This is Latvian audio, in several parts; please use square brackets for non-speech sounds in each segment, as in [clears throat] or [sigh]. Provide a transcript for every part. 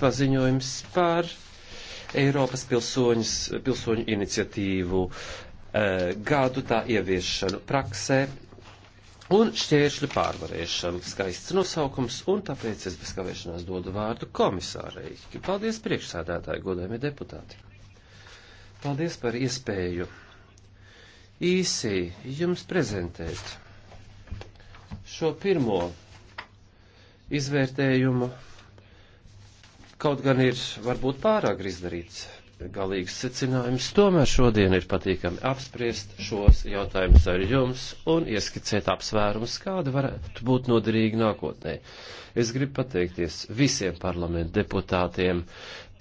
paziņojums par Eiropas pilsoņus, pilsoņu iniciatīvu eh, gadu tā ieviešanu praksē un šķēršļu pārvarēšanu. Skaists nosaukums, un tāpēc es bez kavēšanās dodu vārdu komisārei. Paldies priekšsādātāji, godējumie deputāti. Paldies par iespēju īsi jums prezentēt šo pirmo izvērtējumu Kaut gan ir varbūt pārāk izdarīts galīgs secinājums, tomēr šodien ir patīkami apspriest šos jautājumus ar jums un ieskicēt apsvērums, kāda varētu būt noderīga nākotnē. Es gribu pateikties visiem parlamentu deputātiem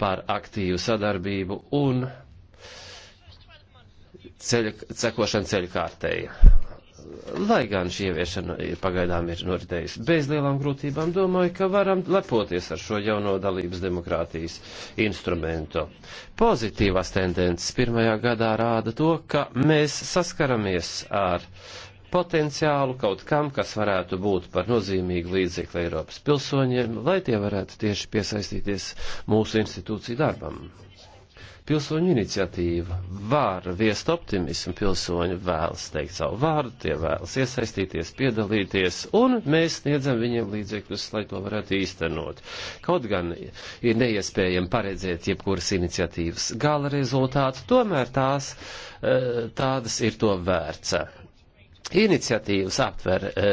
par aktīvu sadarbību un ceļa, cekošanu ceļkārtēji lai gan šī ieviešana ir pagaidām ir noritējusi bez lielām grūtībām, domāju, ka varam lepoties ar šo jauno dalības demokrātijas instrumentu. Pozitīvās tendences pirmajā gadā rāda to, ka mēs saskaramies ar potenciālu kaut kam, kas varētu būt par nozīmīgu līdzekli Eiropas pilsoņiem, lai tie varētu tieši piesaistīties mūsu institūciju darbam. Pilsoņu iniciatīva var viest optimismu, pilsoņi vēlas teikt savu vārdu, tie vēlas iesaistīties, piedalīties, un mēs sniedzam viņiem līdzekļus, lai to varētu īstenot. Kaut gan ir neiespējami paredzēt jebkuras iniciatīvas gala rezultātu, tomēr tās, eh, tādas ir to vērts iniciatīvas aptver e,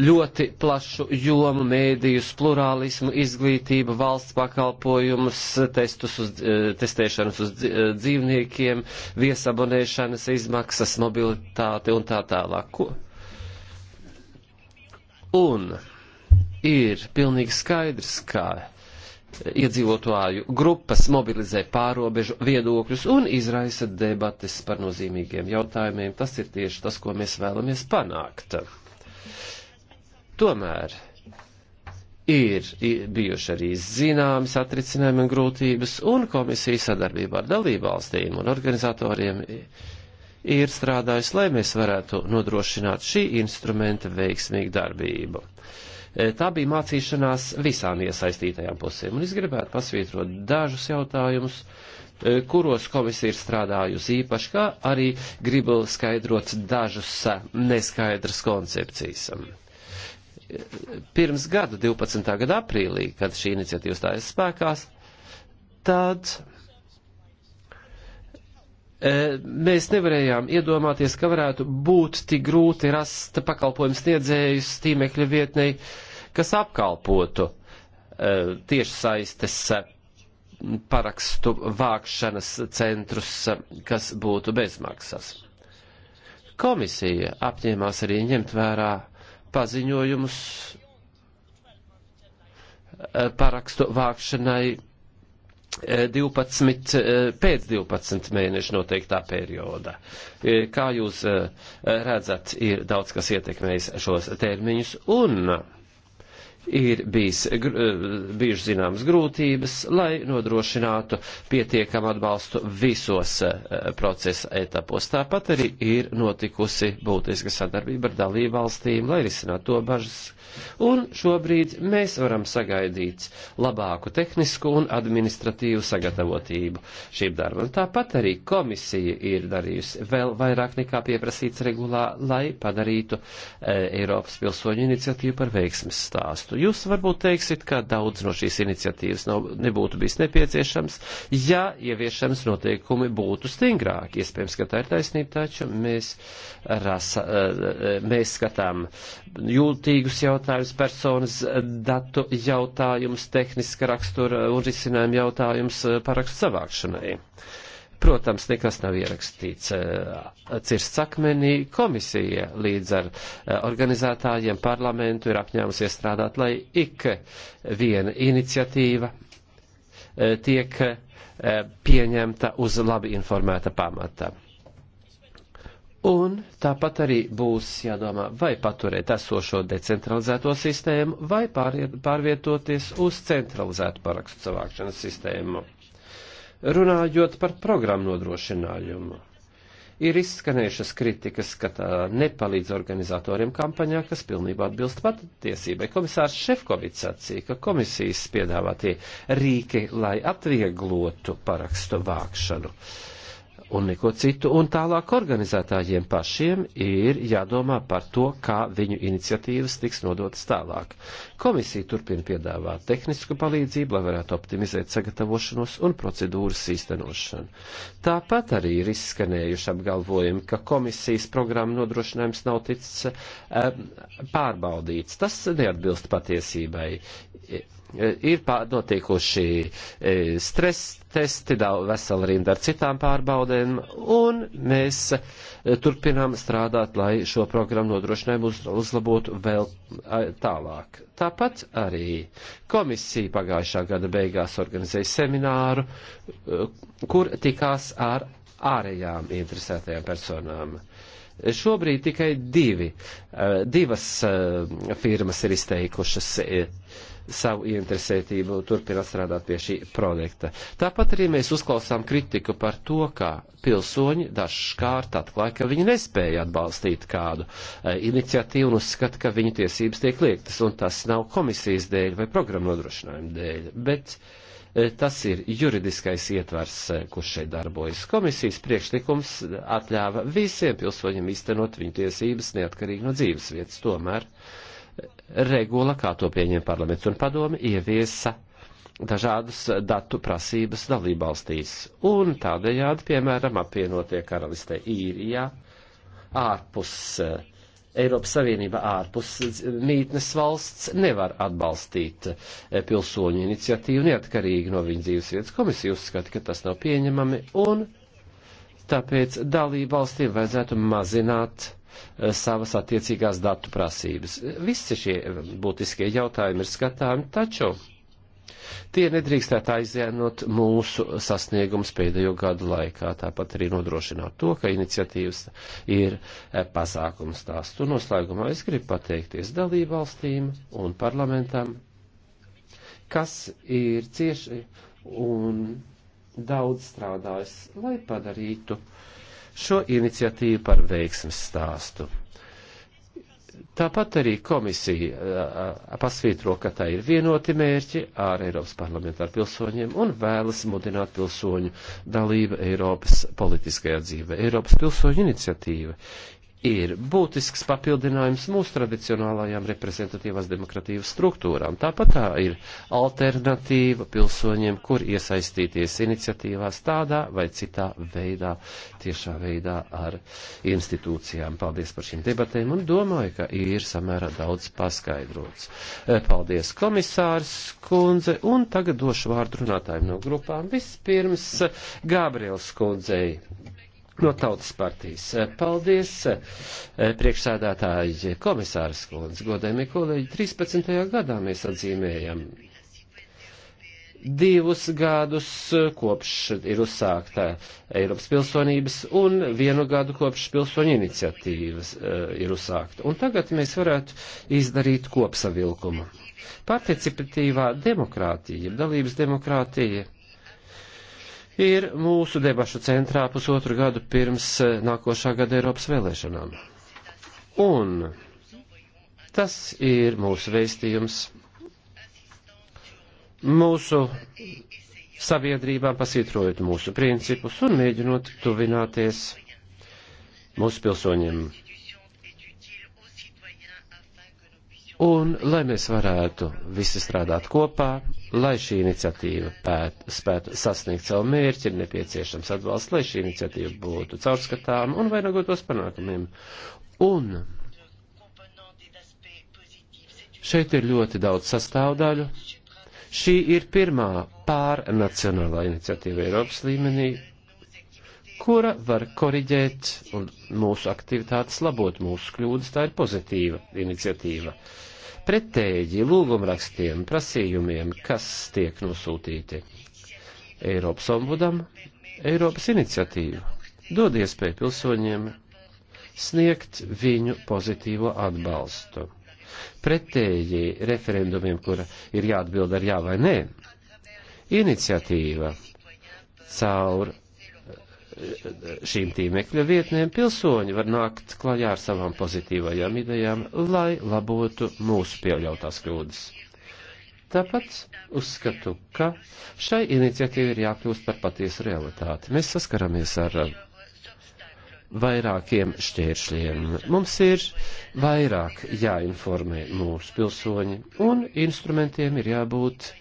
ļoti plašu jomu, mēdījus, plurālismu, izglītību, valsts pakalpojumus, testus uz, e, testēšanas uz e, dzīvniekiem, viesabonēšanas izmaksas, mobilitāti un tā tālāk. Ko? Un ir pilnīgi skaidrs, ka iedzīvotāju grupas mobilizē pārobežu viedokļus un izraisa debates par nozīmīgiem jautājumiem. Tas ir tieši tas, ko mēs vēlamies panākt. Tomēr ir bijuši arī zināmi satricinājumi un grūtības, un komisija sadarbībā ar dalībvalstīm un organizatoriem ir strādājusi, lai mēs varētu nodrošināt šī instrumenta veiksmīgu darbību. E, tā bija mācīšanās visām iesaistītajām pusēm, un es gribētu pasvītrot dažus jautājumus, e, kuros komisija ir strādājusi īpaši, kā arī gribu skaidrot dažus e, neskaidras koncepcijas. Pirms gada, 12. gada aprīlī, kad šī iniciatīva stājas spēkās, tad Eh, mēs nevarējām iedomāties, ka varētu būt tik grūti rast pakalpojumu sniedzējus tīmekļa vietnei, kas apkalpotu eh, tieši saistes eh, parakstu vākšanas centrus, kas būtu bezmaksas. Komisija apņēmās arī ņemt vērā paziņojumus parakstu vākšanai 12, eh, pēc 12 mēnešu noteiktā perioda. Eh, kā jūs eh, redzat, ir daudz kas ietekmējis šos termiņus un ir bijis, eh, bijuši zināmas grūtības, lai nodrošinātu pietiekamu atbalstu visos eh, procesa etapos. Tāpat arī ir notikusi būtiska sadarbība ar dalībvalstīm, lai risinātu to bažas. Un šobrīd mēs varam sagaidīt labāku tehnisku un administratīvu sagatavotību šīm darbam. Tāpat arī komisija ir darījusi vēl vairāk nekā pieprasīts regulā, lai padarītu eh, Eiropas pilsoņu iniciatīvu par veiksmes stāstu atbalstu. Jūs varbūt teiksiet, ka daudz no šīs iniciatīvas nav, nebūtu bijis nepieciešams, ja ieviešams noteikumi būtu stingrāki. Iespējams, ka tā ir taisnība, taču mēs, rasa, eh, eh, mēs skatām jūtīgus jautājumus, personas datu jautājumus, tehniska rakstura un risinājuma jautājumus eh, parakstu savākšanai. Protams, nekas nav ierakstīts eh, cirsts akmenī. Komisija līdz ar eh, organizētājiem parlamentu ir apņēmusies strādāt, lai ik viena iniciatīva eh, tiek pieņemta uz labi informēta pamata. Un tāpat arī būs jādomā, vai paturēt esošo decentralizēto sistēmu, vai pārvietoties uz centralizētu parakstu savākšanas sistēmu. Runājot par programmu nodrošinājumu, ir izskanējušas kritikas, ka tā nepalīdz organizatoriem kampaņā, kas pilnībā atbilst patiesībai. Komisārs Šefkovits sacīja, ka komisijas piedāvātie rīki, lai atvieglotu parakstu vākšanu. Uh, un neko citu, un tālāk organizētājiem pašiem ir jādomā par to, kā viņu iniciatīvas tiks nodotas tālāk. Komisija turpina piedāvāt tehnisku palīdzību, lai varētu optimizēt sagatavošanos un procedūras īstenošanu. Tāpat arī ir izskanējuši apgalvojumi, ka komisijas programma nodrošinājums nav ticis um, pārbaudīts. Tas neatbilst patiesībai E, ir notikuši e, stress testi, vesela rinda ar citām pārbaudēm, un mēs e, turpinām strādāt, lai šo programmu nodrošinājumu uz, uzlabotu vēl tālāk. Tāpat arī komisija pagājušā gada beigās organizēja semināru, kur tikās ar ārējām interesētajām personām. Šobrīd tikai divi, divas firmas ir izteikušas savu ieinteresētību turpināt strādāt pie šī projekta. Tāpat arī mēs uzklausām kritiku par to, kā pilsoņi dažkārt atklāja, ka viņi nespēja atbalstīt kādu e, iniciatīvu un uzskata, ka viņu tiesības tiek liektas, un tas nav komisijas dēļ vai programmu nodrošinājuma dēļ, bet e, tas ir juridiskais ietvers, e, kurš šeit darbojas. Komisijas priekšlikums atļāva visiem pilsoņiem iztenot viņu tiesības neatkarīgi no dzīves vietas. Tomēr uh, regula, kā to pieņem parlaments un padomi, ieviesa dažādas datu prasības dalībvalstīs. Un tādējādi, piemēram, apvienotie karalistē īrijā, ārpus eh, Eiropas Savienība ārpus mītnes valsts nevar atbalstīt eh, pilsoņu iniciatīvu neatkarīgi no viņa dzīves vietas. Komisija uzskata, ka tas nav pieņemami un tāpēc dalību valstīm vajadzētu mazināt Eh, savas attiecīgās datu prasības. Visi šie būtiskie jautājumi ir skatāmi, taču tie nedrīkstētu aizēnot mūsu sasniegums pēdējo gadu laikā. Tāpat arī nodrošināt to, ka iniciatīvas ir eh, pasākums tās. Tu noslēgumā es gribu pateikties dalību valstīm un parlamentam, kas ir cieši un daudz strādājis, lai padarītu uh, šo iniciatīvu par veiksmes stāstu. Tāpat arī komisija pasvītro, ka tā ir vienoti mērķi ar Eiropas parlamentu ar pilsoņiem un vēlas mudināt pilsoņu dalību Eiropas politiskajā dzīvē. Eiropas pilsoņu iniciatīva ir būtisks papildinājums mūsu tradicionālajām reprezentatīvās demokratīvas struktūrām. Tāpat tā ir alternatīva pilsoņiem, kur iesaistīties iniciatīvās tādā vai citā veidā, tiešā veidā ar institūcijām. Paldies par šīm debatēm un domāju, ka ir samērā daudz paskaidrots. Eh, paldies komisārs Kundze un tagad došu vārdu runātājiem no grupām. Vispirms Gabriels Kundzei no Tautas partijas. Paldies, eh, priekšsēdētāji komisārs Klons, godējumie kolēģi. 13. gadā mēs atzīmējam divus gadus eh, kopš ir uzsākta Eiropas pilsonības un vienu gadu kopš pilsoņu iniciatīvas eh, ir uzsākta. Un tagad mēs varētu izdarīt kopsavilkumu. Participatīvā demokrātija, dalības demokrātija ir mūsu debašu centrā pusotru gadu pirms eh, nākošā gada Eiropas vēlēšanām. Un tas ir mūsu vēstījums mūsu sabiedrībām, pasītrojot mūsu principus un mēģinot tuvināties mūsu pilsoņiem. Un lai mēs varētu visi strādāt kopā Lai šī iniciatīva pēt, spētu sasniegt savu mērķi, ir nepieciešams atbalsts, lai šī iniciatīva būtu caurskatām un vainagotos panākumiem. Un šeit ir ļoti daudz sastāvdaļu. Šī ir pirmā pārnacionālā iniciatīva Eiropas līmenī, kura var koriģēt un mūsu aktivitātes labot mūsu kļūdas. Tā ir pozitīva iniciatīva. Uh, pretēji lūgumrakstiem, prasījumiem, kas tiek nosūtīti Eiropas ombudam, Eiropas iniciatīva dod iespēju pilsoņiem sniegt viņu pozitīvo atbalstu. Pretēji referendumiem, kura ir jāatbild ar jā vai nē, iniciatīva caur šīm tīmekļa vietnēm pilsoņi var nākt klajā ar savām pozitīvajām idejām, lai labotu mūsu pieļautās kļūdas. Tāpat uzskatu, ka šai iniciatīvai ir jākļūst par patiesu realitāti. Mēs saskaramies ar vairākiem šķēršļiem. Mums ir vairāk jāinformē mūsu pilsoņi, un instrumentiem ir jābūt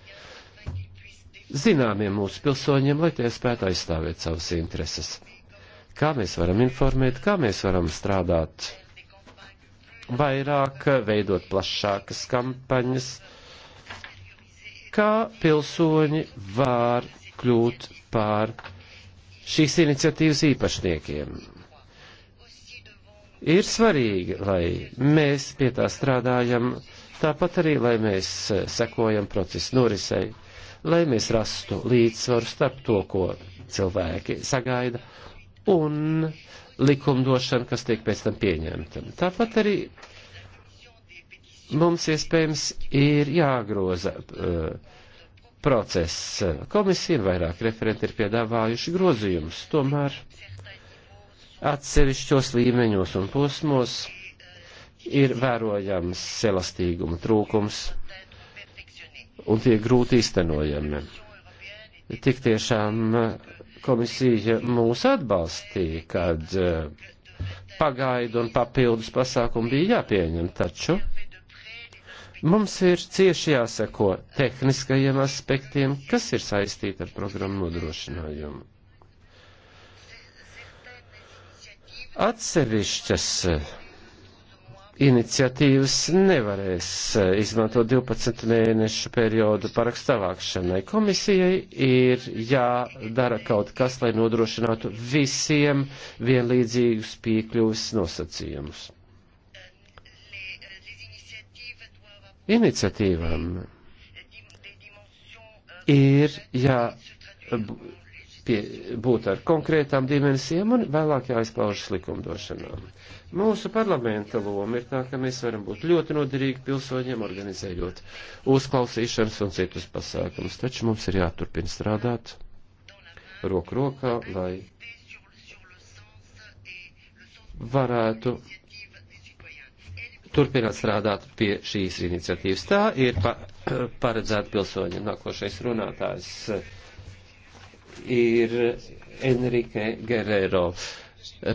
zināmiem mūsu pilsoņiem, lai tie spētu aizstāvēt savas intereses. Kā mēs varam informēt, kā mēs varam strādāt vairāk, veidot plašākas kampaņas, kā pilsoņi var kļūt pār šīs iniciatīvas īpašniekiem. Ir svarīgi, lai mēs pie tā strādājam, tāpat arī, lai mēs sekojam procesu norisei lai mēs rastu līdzsvaru starp to, ko cilvēki sagaida, un likumdošanu, kas tiek pēc tam pieņemta. Tāpat arī mums iespējams ir jāgroza uh, process. Komisija un vairāk referenti ir piedāvājuši grozījumus, tomēr atsevišķos līmeņos un posmos ir vērojams elastīguma trūkums un tie grūti iztenojami. Tik tiešām eh, komisija mūs atbalstīja, kad eh, pagaidu un papildus pasākumu bija jāpieņem, taču mums ir cieši jāseko tehniskajiem aspektiem, kas ir saistīti ar programmu nodrošinājumu. Atsevišķas eh, iniciatīvas nevarēs eh, izmantot 12 mēnešu periodu parakstu vākšanai. Komisijai ir jādara kaut kas, lai nodrošinātu visiem vienlīdzīgus piekļuvis nosacījumus. Iniciatīvām ir jā, pie, būt ar konkrētām dimensijām un vēlāk jāizpaužas likumdošanām. Mūsu parlamenta loma ir tā, ka mēs varam būt ļoti noderīgi pilsoņiem, organizējot uzklausīšanas un citus pasākumus, taču mums ir jāturpina strādāt roku rokā, lai varētu turpināt strādāt pie šīs iniciatīvas. Tā ir pa, [clears throat] paredzēta pilsoņiem nākošais runātājs ir Enrique Guerrero.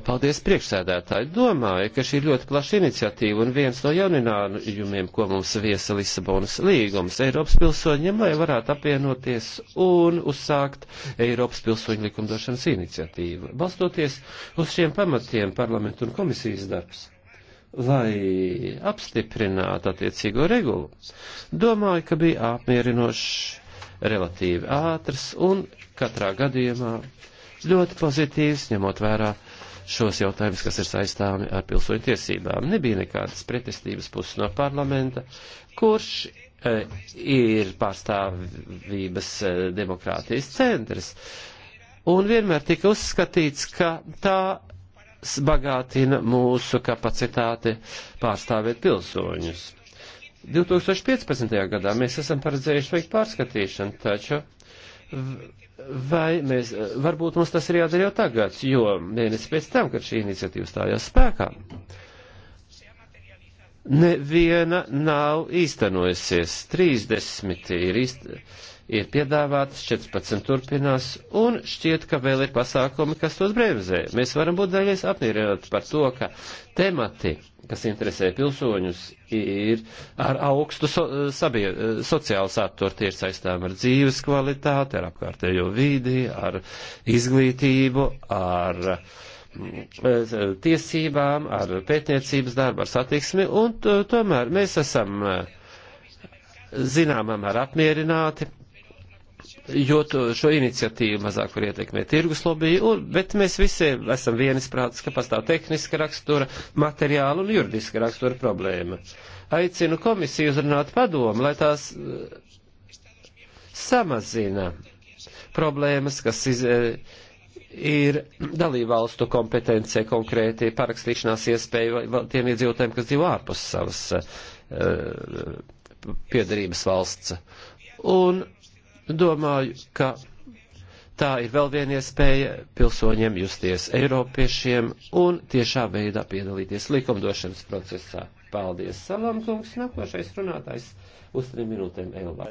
Paldies priekšsēdētāji. Domāju, ka šī ir ļoti plaša iniciatīva un viens no jauninājumiem, ko mums viesa Lisabonas līgums Eiropas pilsoņiem, lai varētu apvienoties un uzsākt Eiropas pilsoņu likumdošanas iniciatīvu. Balstoties uz šiem pamatiem parlamentu un komisijas darbs lai apstiprinātu attiecīgo regulu, domāju, ka bija apmierinošs, relatīvi ātrs un katrā gadījumā ļoti pozitīvs, ņemot vērā šos jautājumus, kas ir saistāmi ar pilsoņu tiesībām. Nebija nekādas pretestības puses no parlamenta, kurš e, ir pārstāvības e, demokrātijas centrs. Un vienmēr tika uzskatīts, ka tā bagātina mūsu kapacitāti pārstāvēt pilsoņus. 2015. gadā mēs esam paredzējuši veikt pārskatīšanu, taču vai mēs, eh, varbūt mums tas ir jādara jau tagad, jo mēnesi pēc tam, kad šī iniciatīva stājās spēkā, neviena nav īstenojusies. 30 ir īstenojusies ir piedāvātas, 14 turpinās, un šķiet, ka vēl ir pasākumi, kas tos bremzē. Mēs varam būt daļais apmierināti par to, ka temati, kas interesē pilsoņus, ir ar augstu so, sabie, sociālu saturu, tie ir saistām ar dzīves kvalitāti, ar apkārtējo vīdi, ar izglītību, ar mm, tiesībām, ar pētniecības darbu, ar satiksmi, un tomēr mēs esam zināmā mērā apmierināti jo to, šo iniciatīvu mazāk var ietekmēt tirgus lobby, un, bet mēs visi esam vienisprātis, ka pastāv tehniska rakstura, materiāla un juridiska rakstura problēma. Aicinu komisiju uzrunāt padomu, lai tās eh, samazina problēmas, kas iz, eh, ir dalībvalstu kompetencija konkrēti parakstīšanās iespēja tiem iedzīvotājiem, kas dzīvo ārpus savas uh, eh, piedarības valsts. Un domāju, ka tā ir vēl viena iespēja pilsoņiem justies Eiropiešiem un tiešā veidā piedalīties likumdošanas procesā. Paldies, Salam kungs, nākošais runātājs uz trim minūtēm Elvā.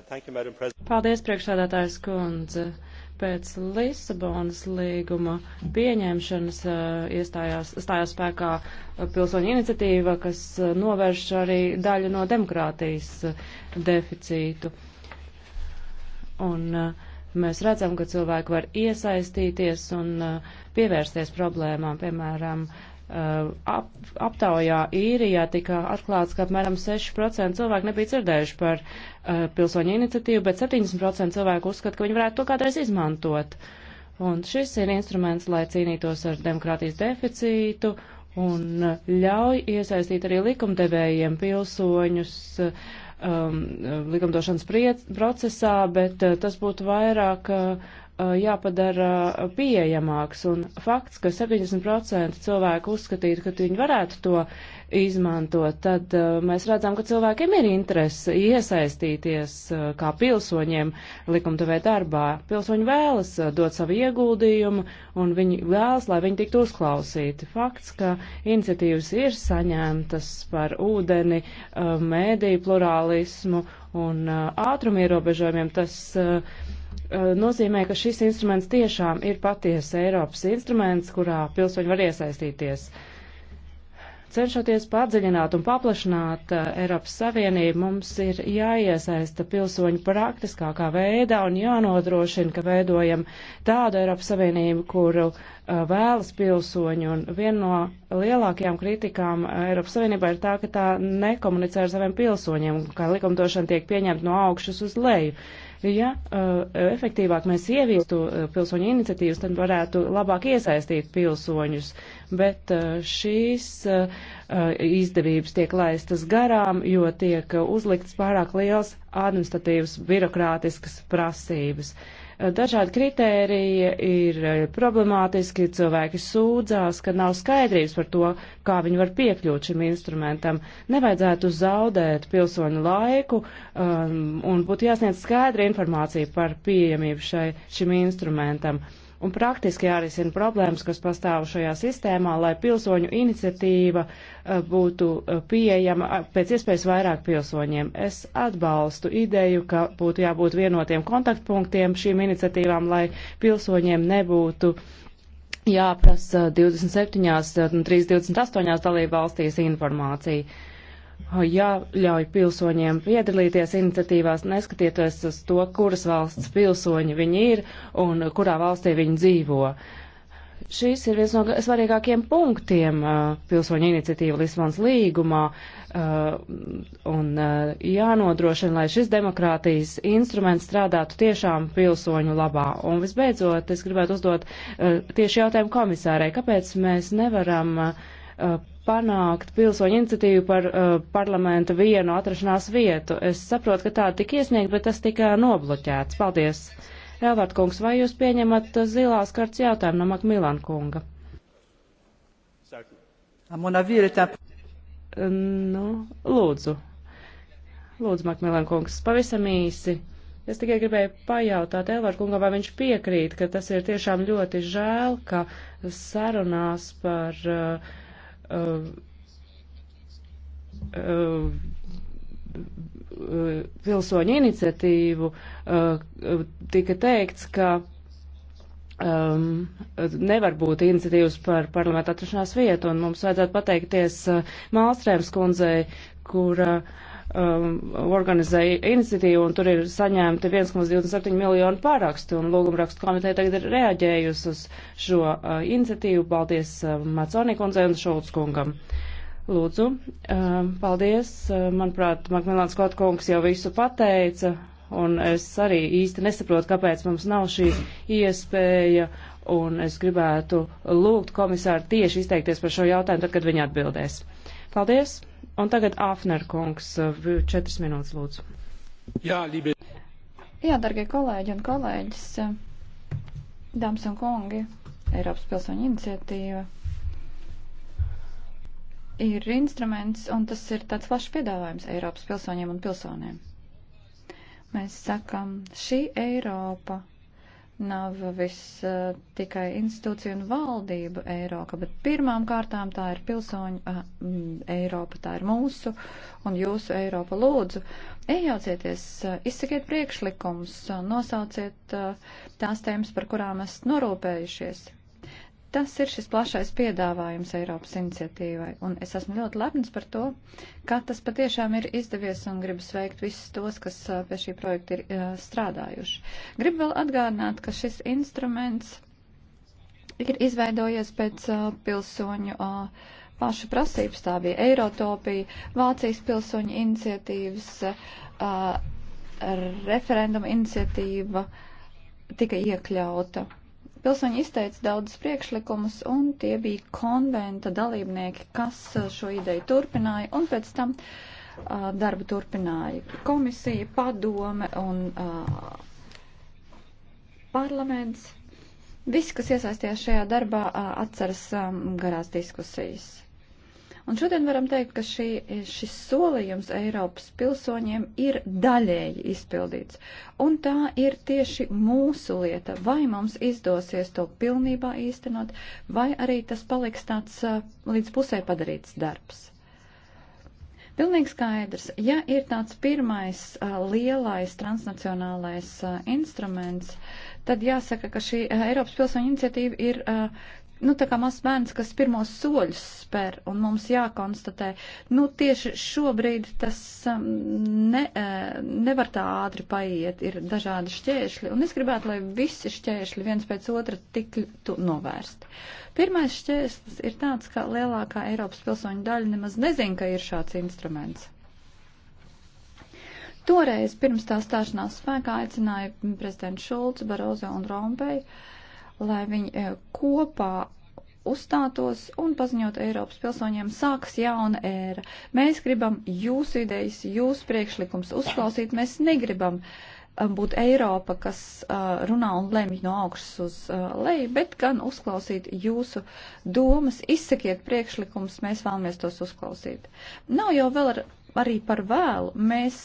Paldies, priekšsādātājs kundze. Pēc Lisabonas līguma pieņemšanas eh, iestājās, stājās spēkā eh, pilsoņu iniciatīva, kas eh, novērš arī daļu no demokrātijas deficītu. Un uh, mēs redzam, ka cilvēki var iesaistīties un uh, pievērsties problēmām, piemēram, uh, ap, aptaujā īrijā tika atklāts, ka apmēram 6% cilvēku nebija dzirdējuši par uh, pilsoņu iniciatīvu, bet 70% cilvēku uzskata, ka viņi varētu to kādreiz izmantot. Un šis ir instruments, lai cīnītos ar demokrātijas deficītu un ļauj iesaistīt arī likumdevējiem pilsoņus. Uh, um, likumdošanas priec, procesā, bet uh, tas būtu vairāk uh, uh jāpadara pieejamāks. Un fakts, ka 70% cilvēku uzskatītu, ka viņi varētu to izmantot, tad uh, mēs redzam, ka cilvēkiem ir interese iesaistīties uh, kā pilsoņiem likumdevē darbā. Pilsoņi vēlas uh, dot savu ieguldījumu un viņi vēlas, lai viņi tiktu uzklausīti. Fakts, ka iniciatīvas ir saņemtas par ūdeni, uh, mēdīju plurālismu un uh, ātrumu ierobežojumiem, tas. Uh, uh, nozīmē, ka šis instruments tiešām ir patiesa Eiropas instruments, kurā pilsoņi var iesaistīties. Uh, Cenšoties padziļināt un paplašināt eh, Eiropas Savienību, mums ir jāiesaista pilsoņu praktiskākā veidā un jānodrošina, ka veidojam tādu Eiropas Savienību, kuru eh, vēlas pilsoņi. Un viena no lielākajām kritikām eh, Eiropas Savienībā ir tā, ka tā nekomunicē ar saviem pilsoņiem, kā likumdošana tiek pieņemta no augšas uz leju ja uh, efektīvāk mēs ieviestu uh, pilsoņu iniciatīvas, tad varētu labāk iesaistīt pilsoņus bet uh, šīs uh, uh, izdevības tiek laistas garām, jo tiek uzliktas pārāk liels administratīvas birokrātiskas prasības. Dažādi kritēriji ir problemātiski, cilvēki sūdzās, ka nav skaidrības par to, kā viņi var piekļūt šim instrumentam. Nevajadzētu zaudēt pilsoņu laiku um, un būtu jāsniedz skaidra informācija par pieejamību šai, šim instrumentam. Uh, un praktiski jārisina problēmas, kas pastāv šajā sistēmā, lai pilsoņu iniciatīva eh, būtu eh, pieejama pēc iespējas vairāk pilsoņiem. Es atbalstu ideju, ka būtu jābūt vienotiem kontaktpunktiem šīm iniciatīvām, lai pilsoņiem nebūtu jāprasa 27, 328 eh, dalību valstīs informācija jāļauj pilsoņiem piedalīties iniciatīvās, neskatieties uz to, kuras valsts pilsoņi viņi ir un kurā valstī viņi dzīvo. Šis ir viens no svarīgākiem punktiem uh, pilsoņu iniciatīva Lisbonas līgumā uh, un uh, jānodrošina, lai šis demokrātijas instruments strādātu tiešām pilsoņu labā. Un visbeidzot, es gribētu uzdot uh, tieši jautājumu komisārai, kāpēc mēs nevaram uh, panākt pilsoņu iniciatīvu par uh, parlamenta vienu atrašanās vietu. Es saprotu, ka tā tika iesniegta, bet tas tika nobloķēts. Paldies! Elvārt kungs, vai jūs pieņemat uh, zilās karts jautājumu no Makmilan kunga? Uh, nu, lūdzu. Lūdzu, Makmilan kungs, pavisam īsi. Es tikai gribēju pajautāt Elvarkungam, vai viņš piekrīt, ka tas ir tiešām ļoti žēl, ka sarunās par uh, uh, uh, pilsoņu iniciatīvu uh, tika teikts, ka um, nevar būt iniciatīvas par parlamentu atrašanās vietu, un mums vajadzētu pateikties uh, eh, Mālstrēms kundzei, kura uh, um, organizēja iniciatīvu, un tur ir saņemti 1,27 miljonu pārakstu, un lūgumrakstu komiteja tagad ir reaģējusi uz šo uh, iniciatīvu. Paldies uh, Maconikundzei un Šulckungam. Lūdzu, uh, paldies. Uh, manuprāt, Makmilāns Kotkungs jau visu pateica, un es arī īsti nesaprotu, kāpēc mums nav šī iespēja un es gribētu lūgt komisāru tieši izteikties par šo jautājumu, tad, kad viņi atbildēs. Paldies! Un tagad Āfner kungs, četras minūtes lūdzu. Jā, Lībe. Jā, darbie kolēģi un kolēģis, dāmas un kungi, Eiropas pilsoņu iniciatīva ir instruments, un tas ir tāds plašs piedāvājums Eiropas pilsoņiem un pilsonēm. Mēs sakam, šī Eiropa nav viss uh, eh, tikai institūcija un valdība Eiropa, bet pirmām kārtām tā ir pilsoņu uh, Eiropa, tā ir mūsu un jūsu Eiropa lūdzu. Iejaucieties, uh, izsakiet priekšlikums, uh, nosauciet uh, tās tēmas, par kurām esat norūpējušies. Tas ir šis plašais piedāvājums Eiropas iniciatīvai, un es esmu ļoti lepns par to, ka tas patiešām ir izdevies un gribu sveikt visus tos, kas pie šī projekta ir strādājuši. Gribu vēl atgādināt, ka šis instruments ir izveidojies pēc pilsoņu pašu prasības. Tā bija Eirotopija, Vācijas pilsoņu iniciatīvas, referenduma iniciatīva tika iekļauta Pilsoņi izteica daudz priekšlikumus, un tie bija konventa dalībnieki, kas uh, šo ideju turpināja, un pēc tam uh, darbu turpināja komisija, padome un uh, parlaments. Visi, kas iesaistījās šajā darbā, uh, atceras um, garās diskusijas. Un šodien varam teikt, ka šī, šis solījums Eiropas pilsoņiem ir daļēji izpildīts. Un tā ir tieši mūsu lieta, vai mums izdosies to pilnībā īstenot, vai arī tas paliks tāds uh, līdz pusē padarīts darbs. Pilnīgi skaidrs, ja ir tāds pirmais uh, lielais transnacionālais uh, instruments, tad jāsaka, ka šī uh, Eiropas pilsoņu iniciatīva ir uh, nu, tā kā mazs bērns, kas pirmos soļus spēr, un mums jākonstatē, nu, tieši šobrīd tas um, ne, eh, nevar tā ātri paiet, ir dažādi šķēršļi, un es gribētu, lai visi šķēršļi viens pēc otra tiktu novērsti. Pirmais šķērslis ir tāds, ka lielākā Eiropas pilsoņu daļa nemaz nezin, ka ir šāds instruments. Toreiz pirms tā stāšanās spēkā aicināja prezidents Šulcs, Barozo un Rompeju lai viņi eh, kopā uzstātos un paziņot Eiropas pilsoņiem sāks jauna ēra. Mēs gribam jūsu idejas, jūsu priekšlikums uzklausīt, mēs negribam eh, būt Eiropa, kas eh, runā un lemj no augšas uz leju, bet gan uzklausīt jūsu domas, izsakiet priekšlikums, mēs vēlamies tos uzklausīt. Nav jau vēl ar arī par vēlu. Mēs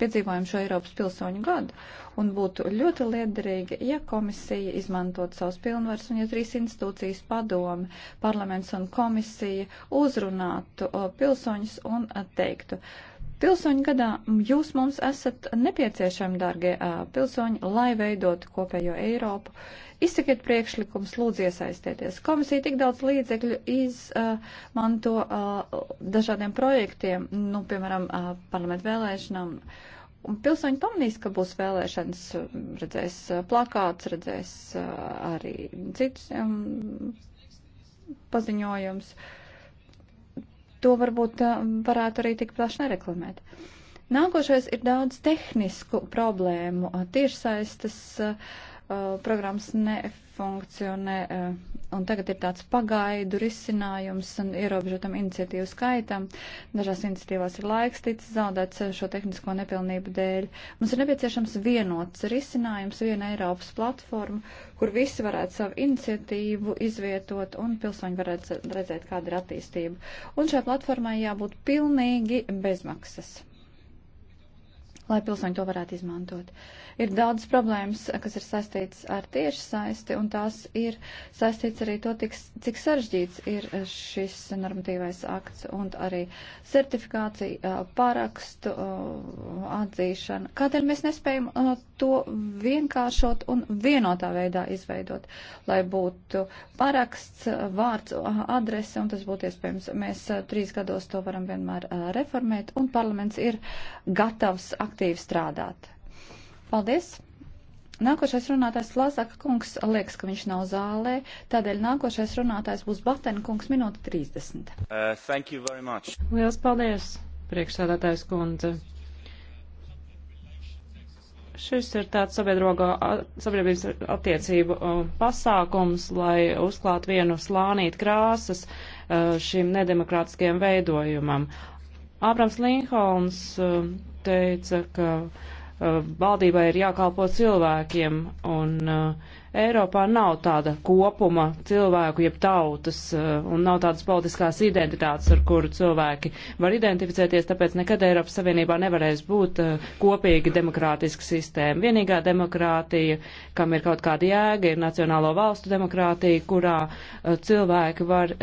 piedzīvojam šo Eiropas pilsoņu gadu un būtu ļoti liederīgi, ja komisija izmantot savus pilnvars un ja trīs institūcijas padomi, parlaments un komisija uzrunātu pilsoņus un teiktu. Pilsoņu gadā jūs mums esat nepieciešami, dārgie pilsoņi, lai veidotu kopējo Eiropu. Uh, Izsakiet priekšlikums, lūdzu iesaistieties. Komisija tik daudz līdzekļu izmanto uh, dažādiem projektiem, nu, piemēram, uh, parlamentu vēlēšanām. Un pilsoņi pamanīs, ka būs vēlēšanas, redzēs uh, plakāts, redzēs uh, arī citus um, paziņojums. To varbūt uh, varētu arī tik plaši nereklamēt. Nākošais ir daudz tehnisku problēmu, uh, tiešsaistes. Uh, Eh, programmas nefunkcionē. Eh, un tagad ir tāds pagaidu risinājums un ierobežotam iniciatīvu skaitam. Dažās iniciatīvās ir laiks ticis zaudēts eh, šo tehnisko nepilnību dēļ. Mums ir nepieciešams vienots risinājums, viena Eiropas platforma, kur visi varētu savu iniciatīvu izvietot un pilsoņi varētu redzēt, kāda ir attīstība. Un šai platformai jābūt pilnīgi bezmaksas, lai pilsoņi to varētu izmantot. Uh, Ir daudz problēmas, kas ir saistīts ar tieši saisti, un tās ir saistīts arī to, tiks, cik sarežģīts ir šis normatīvais akts, un arī certifikācija, parakstu atzīšana. Kādēļ mēs nespējam to vienkāršot un vienotā veidā izveidot, lai būtu paraksts, vārds, adrese, un tas būtu iespējams. Mēs trīs gados to varam vienmēr reformēt, un parlaments ir gatavs aktīvi strādāt. Paldies! Nākošais runātājs Lazaka kungs liekas, ka viņš nav zālē, tādēļ nākošais runātājs būs Batena kungs minūte 30. Uh, thank you very much. Liels paldies, priekšsēdētājs kundze. Šis ir tāds sabiedrības attiecību pasākums, lai uzklāt vienu slānīt krāsas uh, šim nedemokrātiskajam veidojumam. Ābrams Linholms uh, teica, ka Eh, valdībai ir jākalpo cilvēkiem, un uh, Eiropā nav tāda kopuma cilvēku jeb tautas, uh, un nav tādas politiskās identitātes, ar kuru cilvēki var identificēties, tāpēc nekad Eiropas Savienībā nevarēs būt uh, kopīga demokrātiska sistēma. Vienīgā demokrātija, kam ir kaut kāda jēga, ir nacionālo valstu demokrātija, kurā cilvēki var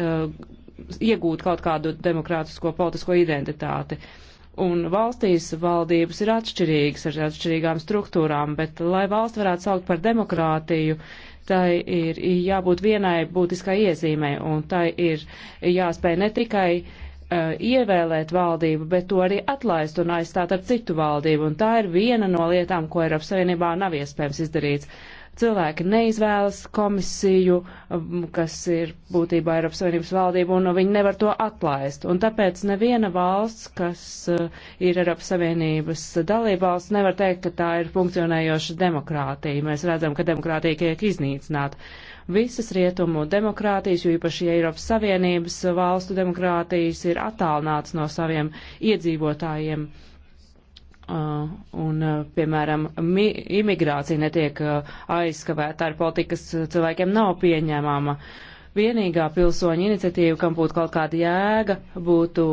iegūt kaut kādu demokrātisko politisko identitāti. Uh, un valstīs valdības ir atšķirīgas ar atšķirīgām struktūrām, bet lai valsts varētu saukt par demokrātiju, tai ir jābūt vienai būtiskai iezīmei, un tai ir jāspēj ne tikai uh, ievēlēt valdību, bet to arī atlaist un aizstāt ar citu valdību, un tā ir viena no lietām, ko Eiropas Savienībā nav iespējams izdarīt. Uh, Cilvēki neizvēlas komisiju, um, kas ir būtībā Eiropas Savienības valdība, un viņi nevar to atlaist. Un tāpēc neviena valsts, kas uh, ir Eiropas Savienības dalībvalsts, nevar teikt, ka tā ir funkcionējoša demokrātija. Mēs redzam, ka demokrātija tiek iznīcināta. Visas rietumu demokrātijas, jo īpaši Eiropas Savienības valstu demokrātijas, ir attālināts no saviem iedzīvotājiem. Uh, un, uh, piemēram, mi, imigrācija netiek uh, aizskavēta ar politiku, kas uh, cilvēkiem nav pieņemama. Vienīgā pilsoņa iniciatīva, kam būtu kaut kāda jēga, būtu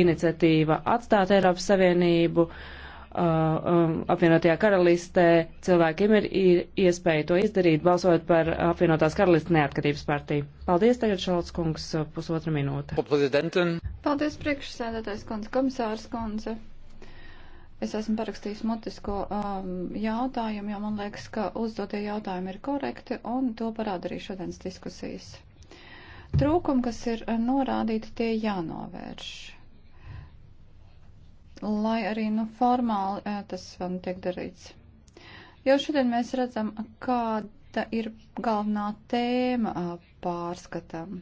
iniciatīva atstāt Eiropas Savienību. Uh, um, apvienotajā karalistē cilvēkiem ir, ir iespēja to izdarīt, balsojot par apvienotās karalistes neatkarības partiju. Paldies, tagad Šalts kungs, uh, pusotra minūte. Paldies, priekšsēdētājs kundze, komisārs kundze. Es esmu parakstījis mutisko um, jautājumu, jo man liekas, ka uzdotie jautājumi ir korekti, un to parāda arī šodienas diskusijas. Trūkumi, kas ir eh, norādīti, tie jānovērš. Lai arī nu, formāli eh, tas vēl netiek darīts. Jo šodien mēs redzam, kāda Tā ir galvenā tēma pārskatam.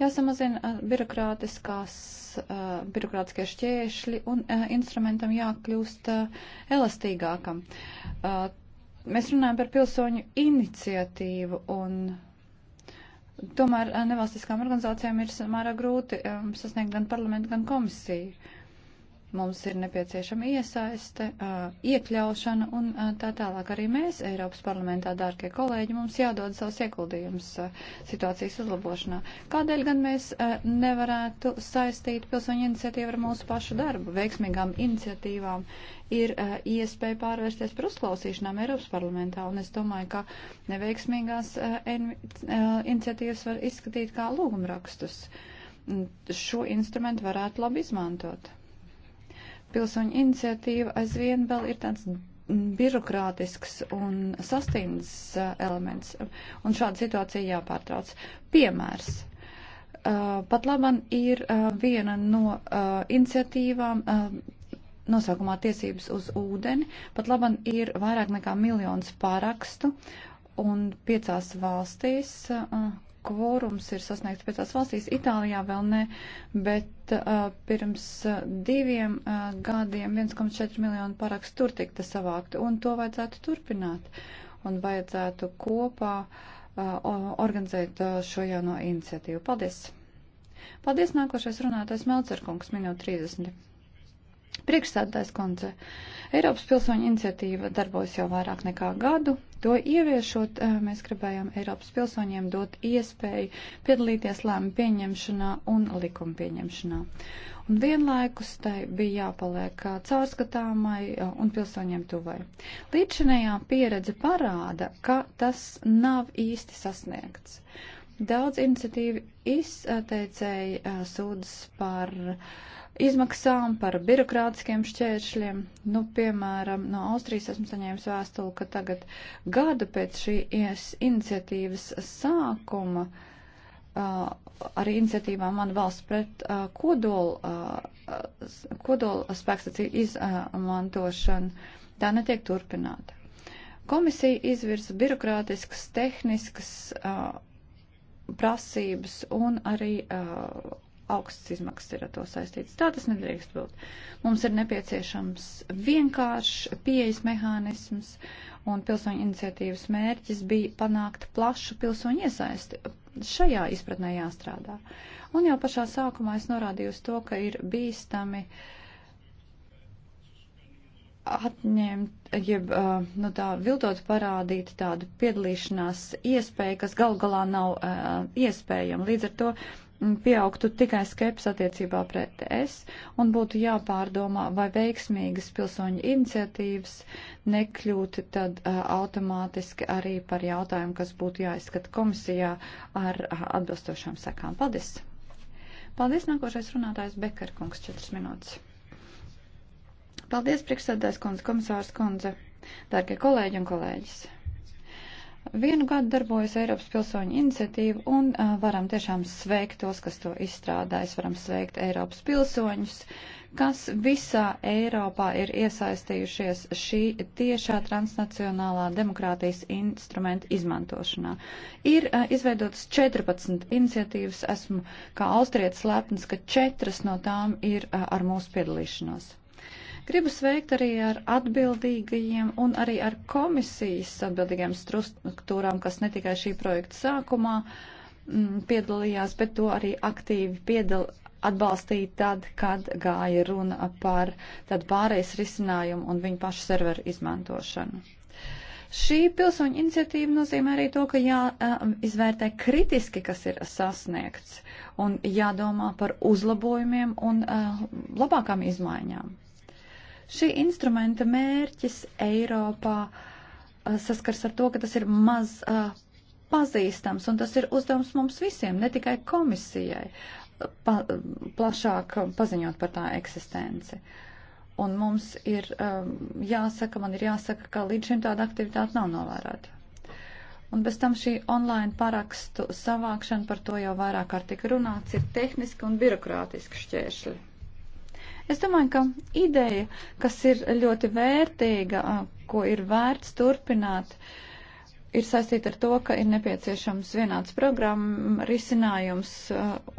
Jāsamazina birokrātiskās, birokrātiskie šķēršļi un instrumentam jākļūst elastīgākam. Mēs runājam par pilsoņu iniciatīvu un tomēr nevalstiskām organizācijām ir samērā grūti sasniegt gan parlamentu, gan komisiju. Mums ir nepieciešama iesaiste, iekļaušana un tā tālāk arī mēs Eiropas parlamentā, dārgie kolēģi, mums jādod savus ieguldījumus situācijas uzlabošanā. Kādēļ gan mēs nevarētu saistīt pilsoņu iniciatīvu ar mūsu pašu darbu? Veiksmīgām iniciatīvām ir iespēja pārvērsties par uzklausīšanām Eiropas parlamentā, un es domāju, ka neveiksmīgās iniciatīvas var izskatīt kā lūgumrakstus. Šo instrumentu varētu labi izmantot pilsoņu iniciatīva aizvien vēl ir tāds birokrātisks un sastindzis uh, elements, un šāda situācija jāpārtrauc. Piemērs. Uh, pat laban ir uh, viena no iniciatīvām nosaukumā tiesības uz ūdeni, pat laban ir vairāk nekā miljons pārakstu, un piecās valstīs kvórums ir sasniegts piecās valstīs, Itālijā vēl ne, bet uh, pirms uh, diviem uh, gadiem 1,4 miljonu parakstu tur tika savākti, un to vajadzētu turpināt, un vajadzētu kopā uh, organizēt uh, šo jauno iniciatīvu. Paldies! Paldies, nākošais runātais Melcerkungs, minūte 30. Priekšsēdētājs kundze, Eiropas pilsoņu iniciatīva darbojas jau vairāk nekā gadu. To ieviešot, eh, mēs gribējām Eiropas pilsoņiem dot iespēju piedalīties lēmu pieņemšanā un likuma pieņemšanā. Un vienlaikus tai bija jāpaliek eh, caurskatāmai eh, un pilsoņiem tuvai. Līdzinējā pieredze parāda, ka tas nav īsti sasniegts. Daudz iniciatīvu izteicēji sūdzas par uh, izmaksām, par birokrātiskiem šķēršļiem. Nu, piemēram, no Austrijas esmu saņēmis vēstuli, ka tagad gada pēc šīs iniciatīvas sākuma uh, arī iniciatīvā man valsts pret uh, kodola, uh, kodola spēkstacīju izmantošanu uh, tā netiek turpināta. Komisija izvirza birokrātiskas, tehniskas uh, prasības un arī uh, augstas izmaksas ir ar to saistītas. Tā tas nedrīkst būt. Mums ir nepieciešams vienkāršs pieejas mehānisms, un pilsoņu iniciatīvas mērķis bija panākt plašu pilsoņu iesaisti. Šajā izpratnē jāstrādā. Un jau pašā sākumā es norādīju uz to, ka ir bīstami atņemt, jeb nu tā viltot parādīt tādu piedalīšanās iespēju, kas gal galā nav uh, iespējama. Līdz ar to pieaugtu tikai skeps attiecībā pret es un būtu jāpārdomā, vai veiksmīgas pilsoņu iniciatīvas nekļūtu tad uh, automātiski arī par jautājumu, kas būtu jāizskata komisijā ar uh, atbilstošām sekām. Paldies! Paldies, nākošais runātājs Bekar kungs, 4 minūtes. Paldies, priekšsēdājs kundze, komisārs kundze, dārgie kolēģi un kolēģis. Vienu gadu darbojas Eiropas pilsoņu iniciatīva un uh, varam tiešām sveikt tos, kas to izstrādājas, varam sveikt Eiropas pilsoņus, kas visā Eiropā ir iesaistījušies šī tiešā transnacionālā demokrātijas instrumenta izmantošanā. Ir uh, izveidotas 14 iniciatīvas, esmu kā austrietis lepns, ka četras no tām ir uh, ar mūsu piedalīšanos. Gribu sveikt arī ar atbildīgajiem un arī ar komisijas atbildīgajiem struktūrām, kas ne tikai šī projekta sākumā m, mm, piedalījās, bet to arī aktīvi piedal, atbalstīja tad, kad gāja runa par tādu pārējais risinājumu un viņu pašu serveru izmantošanu. Šī pilsoņu iniciatīva nozīmē arī to, ka jāizvērtē kritiski, kas ir sasniegts, un jādomā par uzlabojumiem un labākām izmaiņām. Šī instrumenta mērķis Eiropā eh, saskars ar to, ka tas ir maz uh, pazīstams, un tas ir uzdevums mums visiem, ne tikai komisijai, eh, pa, plašāk paziņot par tā eksistenci. Un mums ir um, jāsaka, man ir jāsaka, ka līdz šim tāda aktivitāte nav novērēta. Un bez tam šī online parakstu savākšana, par to jau vairāk kārt tika runāts, ir tehniski un birokrātiski šķēršļi. Es domāju, ka ideja, kas ir ļoti vērtīga, ko ir vērts turpināt, ir saistīta ar to, ka ir nepieciešams vienāds programma, risinājums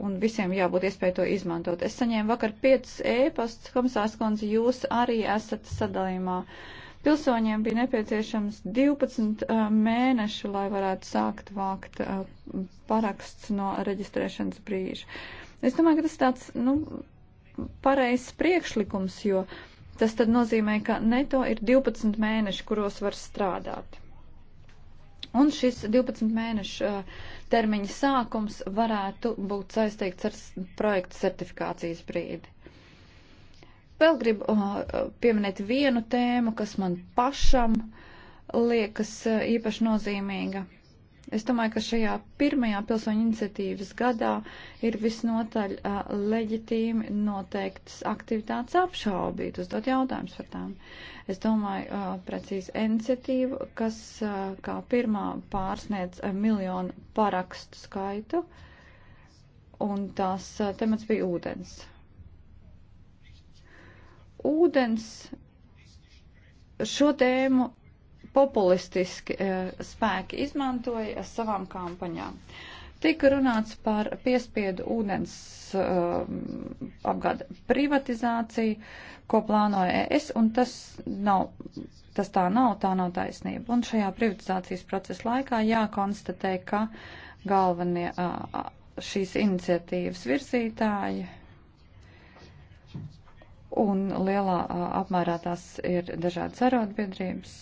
un visiem jābūt iespēju to izmantot. Es saņēmu vakar piecus ēpastus, komisārs Konzi, jūs arī esat sadalījumā. Pilsoņiem bija nepieciešams 12 mēnešu, lai varētu sākt vākt paraksts no reģistrēšanas brīža. Es domāju, ka tas tāds, nu, pareizs priekšlikums, jo tas tad nozīmē, ka neto ir 12 mēneši, kuros var strādāt. Un šis 12 mēnešu termiņa sākums varētu būt saistīts ar projektu certifikācijas brīdi. Vēl gribu pieminēt vienu tēmu, kas man pašam liekas īpaši nozīmīga. Es domāju, ka šajā pirmajā pilsoņu iniciatīvas gadā ir visnotaļ uh, leģitīmi noteiktas aktivitātes apšaubīt, uzdot jautājumus par tām. Es domāju, uh, precīzi iniciatīvu, kas uh, kā pirmā pārsniedz uh, miljonu parakstu skaitu, un tās uh, temats bija ūdens. Ūdens šo tēmu populistiski e, spēki izmantoja savām kampaņām. Tika runāts par piespiedu ūdens e, apgāda privatizāciju, ko plānoja es, un tas nav tas tā nav, tā nav taisnība. Un šajā privatizācijas procesa laikā jākonstatē, ka galvenie šīs iniciatīvas virzītāji un lielā apmērā tās ir dažādas arotbiedrības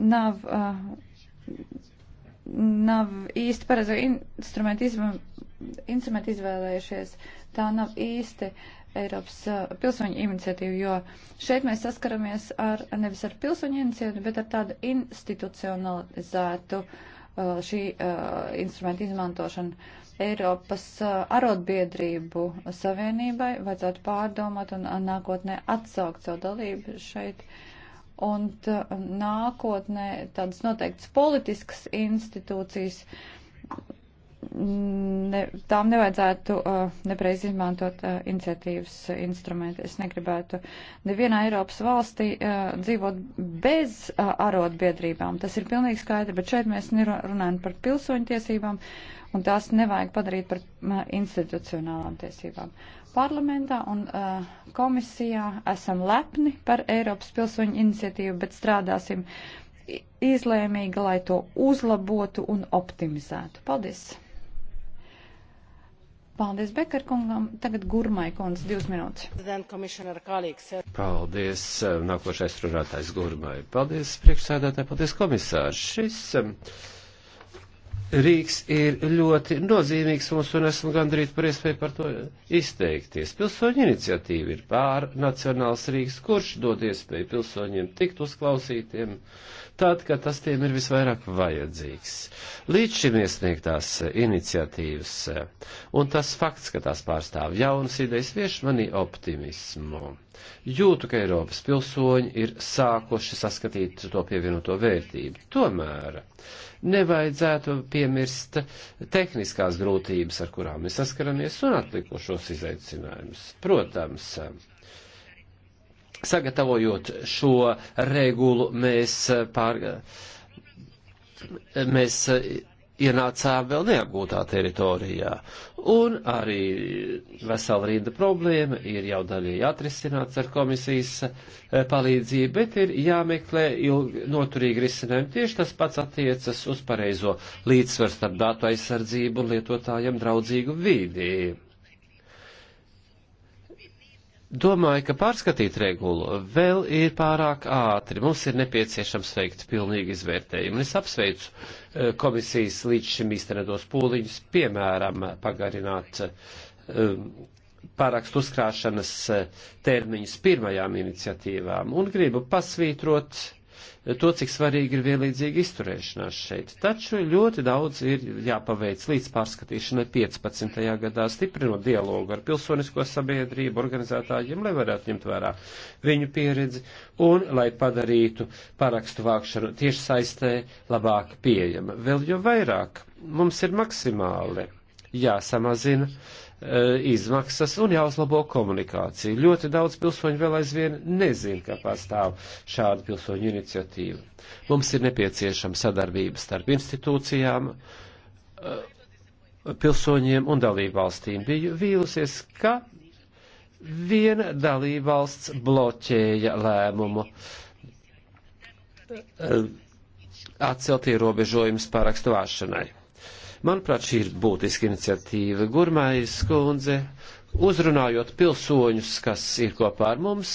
nav, uh, nav īsti pareizo instrumentu, izv instrumentu izvēlējušies. Tā nav īsti Eiropas uh, pilsoņu iniciatīva, jo šeit mēs saskaramies ar nevis ar pilsoņu iniciatīvu, bet ar tādu institucionalizētu uh, šī instrumenta izmantošanu. Eiropas arotbiedrību savienībai vajadzētu pārdomāt un nākotnē atsaukt savu dalību šeit. Uh, un nākotnē tādas noteiktas politiskas institūcijas. Ne, tām nevajadzētu uh, nepreiz izmantot uh, iniciatīvas uh, instrumenti. Es negribētu nevienā Eiropas valstī uh, dzīvot bez uh, arotbiedrībām. Tas ir pilnīgi skaidri, bet šeit mēs runājam par pilsoņu tiesībām, un tās nevajag padarīt par uh, institucionālām tiesībām. Uh, Parlamentā un uh, komisijā esam lepni par Eiropas pilsoņu iniciatīvu, bet strādāsim izlēmīgi, lai to uzlabotu un optimizētu. Paldies! Paldies Bekarkungam. Tagad Gurmai kundze, divas minūtes. Paldies, eh, nākošais runātājs Gurmai. Paldies, priekšsēdētāji, paldies komisārs. Šis, um, Rīgs ir ļoti nozīmīgs mums, un esmu gandrīz par iespēju par to izteikties. Pilsoņu iniciatīva ir pārnacionāls Rīgs, kurš dod iespēju pilsoņiem tikt uzklausītiem tad, kad tas tiem ir visvairāk vajadzīgs. Līdz šim iesniegtās iniciatīvas, un tas fakts, ka tās pārstāv jaunas idejas, vieš manī optimismu. Jūtu, ka Eiropas pilsoņi ir sākuši saskatīt to pievienoto vērtību. Tomēr nevajadzētu piemirst tehniskās grūtības, ar kurām mēs saskaramies, un atlikušos izaicinājumus. Protams, sagatavojot šo regulu, mēs pār. Mēs ienācām vēl neapgūtā teritorijā. Un arī vesela rinda problēma ir jau daļēji atrisināts ar komisijas e, palīdzību, bet ir jāmeklē ilg, noturīgi risinājumi. Tieši tas pats attiecas uz pareizo līdzsvaru starp datu aizsardzību un lietotājiem draudzīgu vīdī. Domāju, ka pārskatīt regulu vēl ir pārāk ātri. Mums ir nepieciešams veikt pilnīgi izvērtējumu. Es apsveicu eh, komisijas līdz šim īstenotos pūliņus, piemēram, pagarināt eh, parakstu uzkrāšanas eh, termiņus pirmajām iniciatīvām. Un gribu pasvītrot to, cik svarīgi ir vienlīdzīga izturēšanās šeit. Taču ļoti daudz ir jāpaveic līdz pārskatīšanai 15. gadā, stiprinot dialogu ar pilsonisko sabiedrību, organizētājiem, lai varētu ņemt vērā viņu pieredzi un lai padarītu parakstu vākšanu tieši saistē labāk pieejama. Vēl jo vairāk mums ir maksimāli jāsamazina Eh, izmaksas un jāuzlabo komunikācija. Ļoti daudz pilsoņu vēl aizvien nezin, ka pastāv šāda pilsoņu iniciatīva. Mums ir nepieciešama sadarbība starp institūcijām, eh, pilsoņiem un dalībvalstīm. Biju vīlusies, ka viena dalībvalsts bloķēja lēmumu eh, atcelt ierobežojumus parakstu vāšanai. Manuprāt, šī ir būtiska iniciatīva. Gurmājas kundze, uzrunājot pilsoņus, kas ir kopā ar mums,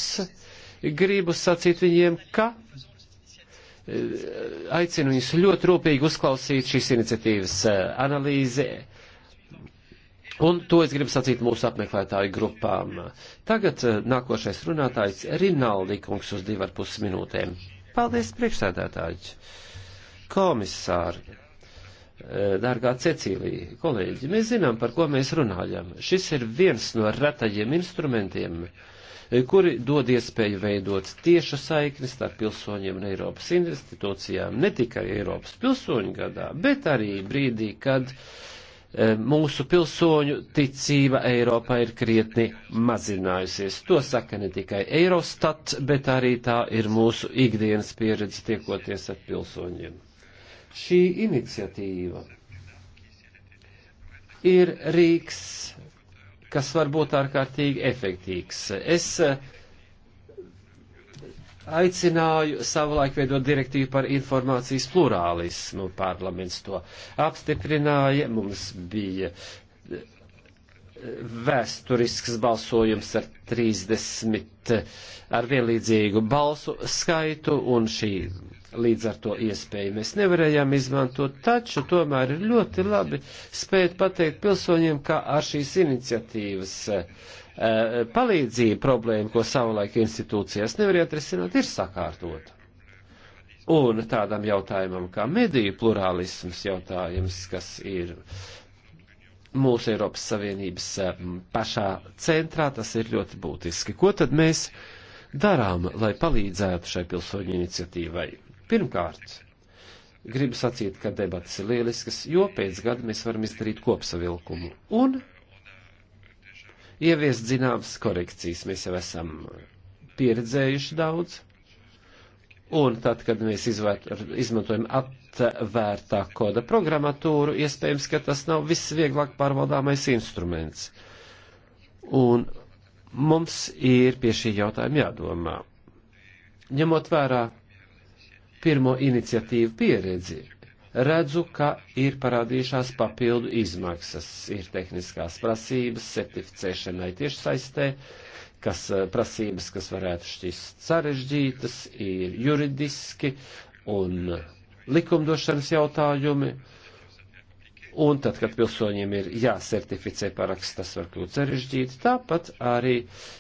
gribu sacīt viņiem, ka eh, aicinu viņus ļoti rūpīgi uzklausīt šīs iniciatīvas eh, analīzi. Un to es gribu sacīt mūsu apmeklētāju grupām. Tagad eh, nākošais runātājs Rinaldi kungs uz divar pus minūtēm. Paldies, priekšsēdētāji! Komisāri! Eh, dārgā Cecīlija, kolēģi, mēs zinām, par ko mēs runājam. Šis ir viens no retajiem instrumentiem, eh, kuri dod iespēju veidot tiešu saikni starp pilsoņiem un Eiropas institūcijām, ne tikai Eiropas pilsoņu gadā, bet arī brīdī, kad eh, mūsu pilsoņu ticība Eiropā ir krietni mazinājusies. To saka ne tikai Eirostat, bet arī tā ir mūsu ikdienas pieredze tiekoties ar pilsoņiem. Šī iniciatīva ir rīks, kas var būt ārkārtīgi efektīgs. Es eh, aicināju savulaik veidot direktīvu par informācijas plurālismu. Parlaments to apstiprināja. Mums bija eh, vēsturisks balsojums ar 30 eh, ar vienlīdzīgu balsu skaitu, un šī līdz ar to iespēju mēs nevarējām izmantot, taču tomēr ir ļoti labi spēt pateikt pilsoņiem, kā ar šīs iniciatīvas eh, palīdzību problēmu, ko savulaik institūcijās nevarēja atrisināt, ir sakārtot. Un tādam jautājumam kā mediju plurālisms jautājums, kas ir mūsu Eiropas Savienības eh, pašā centrā, tas ir ļoti būtiski. Ko tad mēs darām, lai palīdzētu šai pilsoņu iniciatīvai? Pirmkārt, gribu sacīt, ka debatas ir lieliskas, jo pēc gada mēs varam izdarīt kopsavilkumu un ieviest zināmas korekcijas. Mēs jau esam pieredzējuši daudz, un tad, kad mēs izvēr, izmantojam atvērtā koda programmatūru, iespējams, ka tas nav viss vieglāk pārvaldāmais instruments. Un mums ir pie šī jautājuma jādomā. Ņemot vērā pirmo iniciatīvu pieredzi, redzu, ka ir parādījušās papildu izmaksas. Ir tehniskās prasības, certificēšanai tiešsaistē, kas eh, prasības, kas varētu šķist sarežģītas, ir juridiski un likumdošanas jautājumi. Un tad, kad pilsoņiem ir jāsertificē paraksts, tas var kļūt sarežģīti, tāpat arī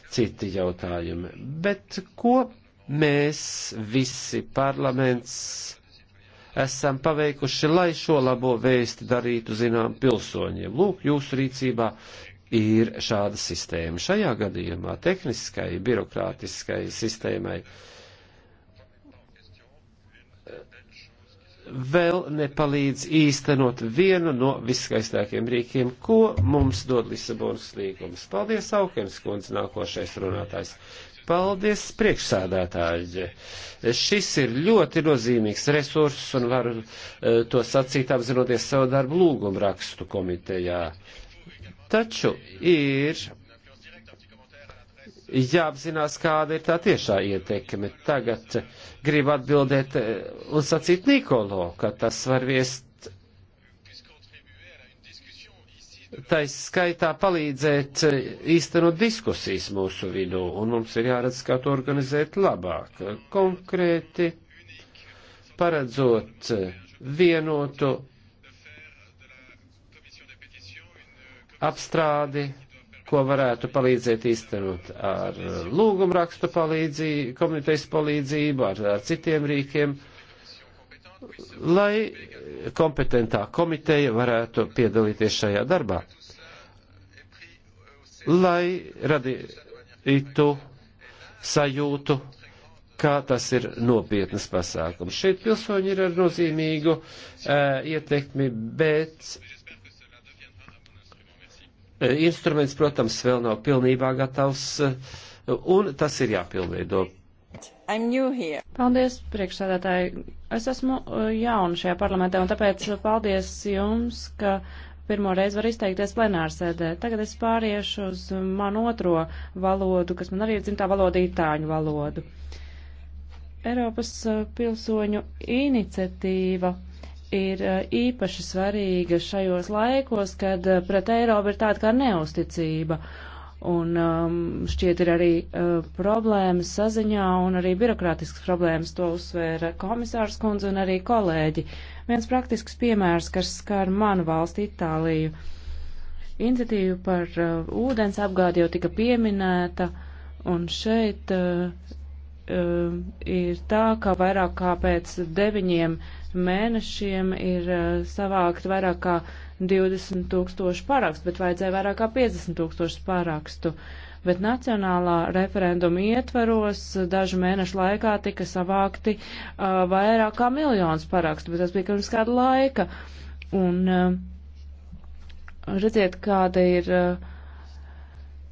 citi jautājumi. Bet ko mēs visi parlaments esam paveikuši, lai šo labo vēsti darītu zinām pilsoņiem. Lūk, jūsu rīcībā ir šāda sistēma. Šajā gadījumā tehniskai, birokrātiskai sistēmai vēl nepalīdz īstenot vienu no viskaistākiem rīkiem, ko mums dod Lisabonas līgums. Paldies, Aukens kundze, nākošais runātājs. Paldies, priekšsādātāji. Šis ir ļoti nozīmīgs resurss un varu eh, to sacīt apzinoties savu darbu lūgumu rakstu komitejā. Taču ir jāapzinās, kāda ir tā tiešā ietekme. Tagad gribu atbildēt eh, un sacīt Nikolo, ka tas var viest taisa skaitā palīdzēt eh, īstenot diskusijas mūsu vidū, un mums ir jāredz, kā to organizēt labāk, konkrēti paredzot eh, vienotu apstrādi, ko varētu palīdzēt īstenot ar eh, lūgumrakstu palīdzību, komitejas palīdzību, ar, ar citiem rīkiem. Uh, lai kompetentā komiteja varētu piedalīties šajā darbā, lai radītu sajūtu, kā tas ir nopietnas pasākums. Šeit pilsoņi ir ar nozīmīgu uh, ietekmi, bet eh, instruments, protams, vēl nav pilnībā gatavs, eh, un tas ir jāpilnveido. Paldies, priekšsēdētāji. Es esmu uh, jauna šajā parlamentā, un tāpēc paldies jums, ka pirmo reizi var izteikties plenārsēdē. Tagad es pāriešu uz manu otro valodu, kas man arī ir dzimtā valoda itāņu valodu. Eiropas uh, pilsoņu iniciatīva ir uh, īpaši svarīga šajos laikos, kad pret Eiropu ir tāda kā neusticība. Un um, šķiet ir arī uh, problēmas saziņā un arī birokrātiskas problēmas, to uzsvēra komisārs kundze un arī kolēģi. Viens praktisks piemērs, kas skar manu valsti Itāliju. Iniciatīva par uh, ūdens apgādi jau tika pieminēta, un šeit uh, uh, ir tā, ka vairāk kā pēc deviņiem mēnešiem ir uh, savākt vairāk kā uh, 20 tūkstošu parakstu, bet vajadzēja vairāk kā 50 tūkstošu parakstu. Bet nacionālā referenduma ietvaros dažu mēnešu laikā tika savākti uh, vairāk kā miljons parakstu, bet tas bija pirms kāda laika. Un uh, redziet, kāda ir. Uh,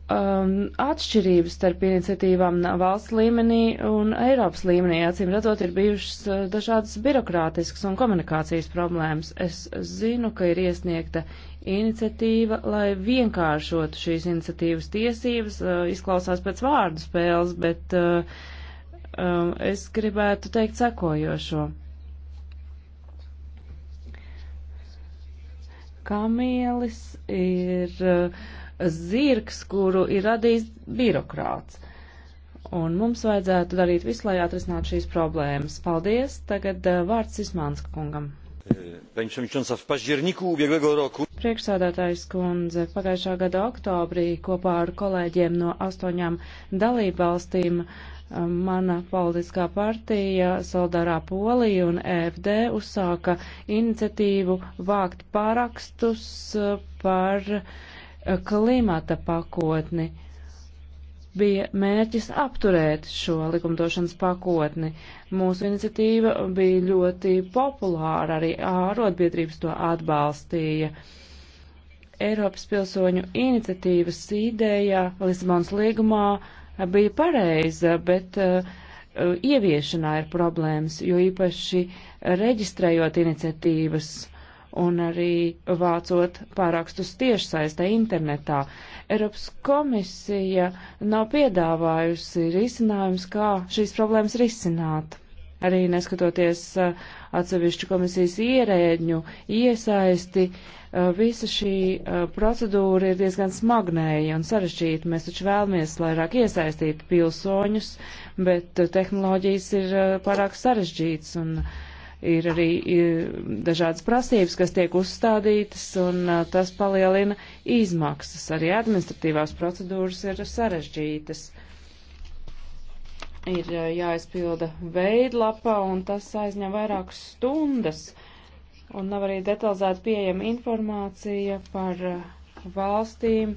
um, atšķirības starp iniciatīvām valsts līmenī un Eiropas līmenī. Acīm redzot, ir bijušas uh, dažādas birokrātiskas un komunikācijas problēmas. Es zinu, ka ir iesniegta iniciatīva, lai vienkāršotu šīs iniciatīvas tiesības, uh, izklausās pēc vārdu spēles, bet uh, um, es gribētu teikt sekojošo. Kamielis ir uh, zirgs, kuru ir radījis birokrāts. Un mums vajadzētu darīt visu, lai atrisinātu šīs problēmas. Paldies! Tagad uh, vārds Ismānska kungam. Priekšsādātājs kundze pagājušā gada oktobrī kopā ar kolēģiem no astoņām dalībvalstīm um, mana politiskā partija Soldarā Polija un EFD uzsāka iniciatīvu vākt pārakstus uh, par uh, klimata pakotni. Bija mērķis apturēt šo likumdošanas pakotni. Mūsu iniciatīva bija ļoti populāra, arī ārotbiedrības to atbalstīja. Eiropas pilsoņu iniciatīvas ideja Lisabonas līgumā bija pareiza, bet uh, ieviešanā ir problēmas, jo īpaši reģistrējot iniciatīvas un arī vācot pārakstus tiešsaistē internetā. Eiropas komisija nav piedāvājusi risinājums, kā šīs problēmas risināt. Arī neskatoties uh, atsevišķu komisijas ierēģņu iesaisti, uh, visa šī uh, procedūra ir diezgan smagnēja un sarežģīta. Mēs taču vēlamies vairāk iesaistīt pilsoņus, bet tehnoloģijas ir pārāk sarežģītas un uh, ir arī dažādas prasības, kas tiek uzstādītas, un tas palielina izmaksas. Arī administratīvās procedūras ir sarežģītas. Ir jāizpilda veidlapa, un tas aizņem vairākas stundas, un nav arī detalizēti pieejama informācija par valstīm,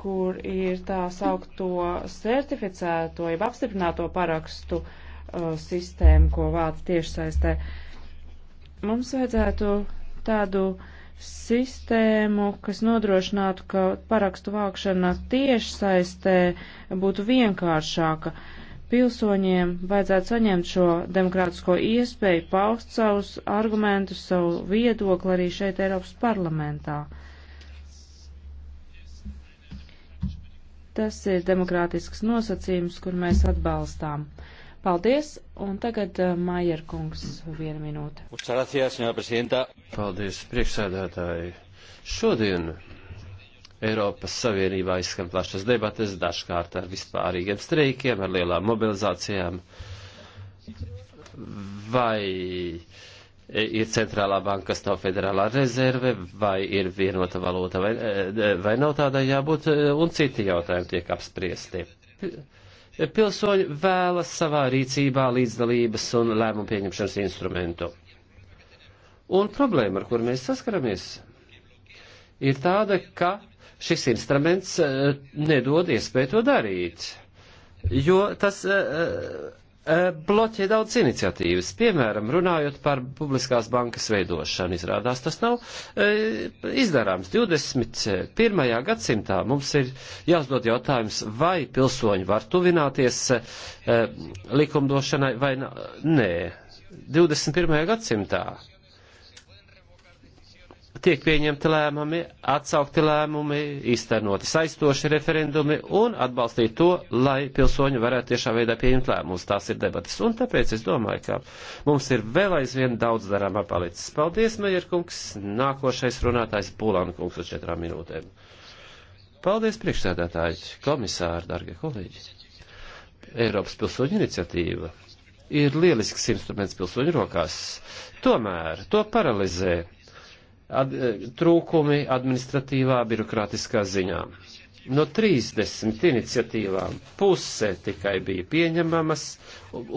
kur ir tā saukto certificēto, jeb apstiprināto parakstu uh, sistēmu, ko vāc tiešsaistē. Uh, Mums vajadzētu tādu sistēmu, kas nodrošinātu, ka parakstu vākšana tiešsaistē būtu vienkāršāka. Pilsoņiem vajadzētu saņemt šo demokrātisko iespēju paust savus argumentus, savu viedokli arī šeit Eiropas parlamentā. Tas ir demokrātisks nosacījums, kur mēs atbalstām. Paldies, un tagad eh, Maier kungs viena minūte. Paldies, priekšsēdētāji. Šodien Eiropas Savienībā izskan plašas debates, dažkārt ar vispārīgiem streikiem, ar lielām mobilizācijām. Vai ir centrālā banka, kas nav federālā rezerve, vai ir vienota valūta, vai, eh, vai nav tādai jābūt, eh, un citi jautājumi tiek apspriesti pilsoņi vēlas savā rīcībā līdzdalības un lēmumu pieņemšanas instrumentu. Un problēma, ar kur mēs saskaramies, ir tāda, ka šis instruments eh, nedod iespēju to darīt, jo tas eh, Eh, bloķē daudz iniciatīvas. Piemēram, runājot par publiskās bankas veidošanu, izrādās tas nav e, izdarāms. 21. gadsimtā mums ir jāuzdod jautājums, vai pilsoņi var tuvināties e, likumdošanai vai nē. 21. gadsimtā tiek pieņemti lēmumi, atsaukti lēmumi, īstenoti saistoši referendumi un atbalstīt to, lai pilsoņi varētu tiešā veidā pieņemt lēmumus. Tās ir debatas. Un tāpēc es domāju, ka mums ir vēl aizvien daudz darāmā palicis. Paldies, Mejerkungs. Nākošais runātājs Pulāna kungs uz četrām minūtēm. Paldies, priekšsēdētāji, komisāri, dargie kolēģi. Eiropas pilsoņu iniciatīva ir lielisks instruments pilsoņu rokās. Tomēr to paralizē ad, eh, trūkumi administratīvā, birokrātiskā ziņā. No 30 iniciatīvām pusē tikai bija pieņemamas,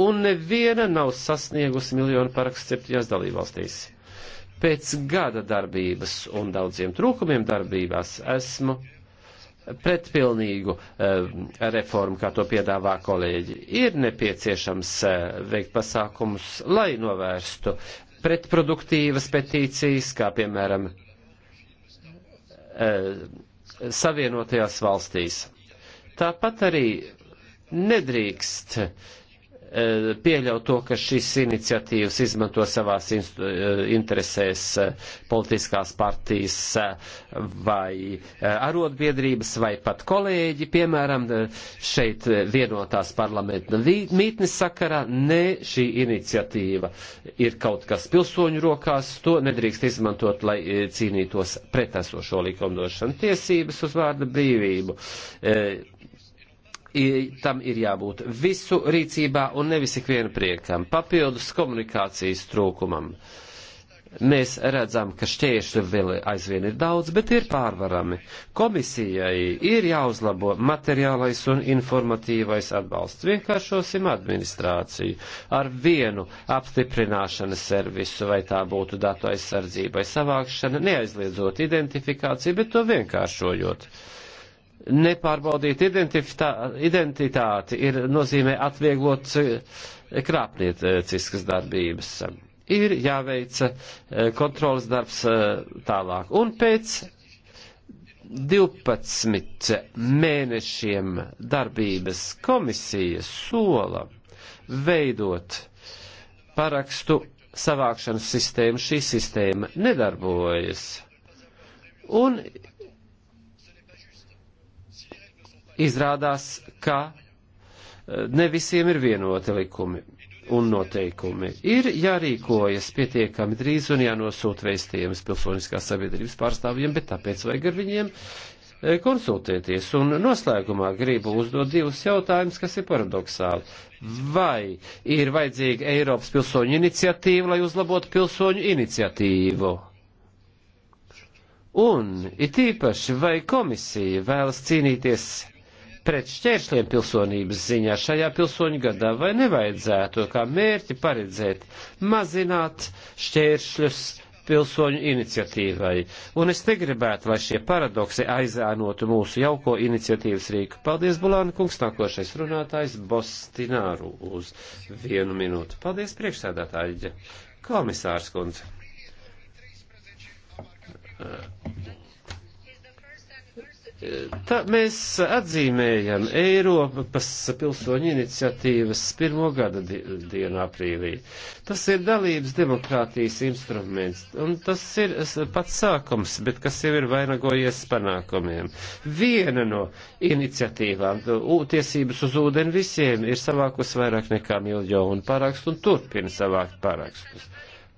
un neviena nav sasniegusi miljonu parakstu septiņās dalībvalstīs. Pēc gada darbības un daudziem trūkumiem darbībās esmu pretpilnīgu eh, reformu, kā to piedāvā kolēģi. Ir nepieciešams eh, veikt pasākumus, lai novērstu pretproduktīvas petīcijas, kā piemēram eh, Savienotajās valstīs. Tāpat arī nedrīkst Eh, pieļaut to, ka šīs iniciatīvas izmanto savās eh, interesēs eh, politiskās partijas vai arotbiedrības vai pat kolēģi, piemēram, šeit vienotās parlamenta mītnes sakarā. Nē, šī iniciatīva ir kaut kas pilsoņu rokās, to nedrīkst izmantot, lai cīnītos pret esošo likumdošanu tiesības uz vārda brīvību tam ir jābūt visu rīcībā un nevis ikvienu priekam, papildus komunikācijas trūkumam. Mēs redzam, ka šķēršļi vēl aizvien ir daudz, bet ir pārvarami. Komisijai ir jāuzlabo materiālais un informatīvais atbalsts. Vienkāršosim administrāciju ar vienu apstiprināšanas servisu, vai tā būtu datu aizsardzībai savākšana, neaizliedzot identifikāciju, bet to vienkāršojot nepārbaudīt identitāti ir nozīmē atvieglot eh, krāpnieciskas darbības. Ir jāveic eh, kontrolas darbs eh, tālāk. Un pēc 12 mēnešiem darbības komisija sola veidot parakstu savākšanas sistēmu. Šī sistēma nedarbojas. Un izrādās, ka eh, ne visiem ir vienoti likumi un noteikumi. Ir jārīkojas pietiekami drīz un jānosūt vēstījums pilsoniskās sabiedrības pārstāvjiem, bet tāpēc vajag ar viņiem eh, konsultēties. Un noslēgumā gribu uzdot divus jautājumus, kas ir paradoxāli. Vai ir vajadzīga Eiropas pilsoņu iniciatīva, lai uzlabotu pilsoņu iniciatīvu? Un it īpaši, vai komisija vēlas cīnīties pret šķēršļiem pilsonības ziņā šajā pilsoņu gadā, vai nevajadzētu kā mērķi paredzēt mazināt šķēršļus pilsoņu iniciatīvai. Un es negribētu, lai šie paradoksi aizēnotu mūsu jauko iniciatīvas rīku. Paldies, Bulāna kungs, nākošais runātājs Bostināru uz vienu minūtu. Paldies, priekšsēdētāji, komisārs kundze. Tā mēs atzīmējam Eiropas pilsoņu iniciatīvas pirmo gada dienu aprīlī. Tas ir dalības demokrātijas instruments, un tas ir pats sākums, bet kas jau ir vainagojies panākumiem. Viena no iniciatīvām, tiesības uz ūdeni visiem, ir savākus vairāk nekā miljonu parakstu un turpina savākt parakstus.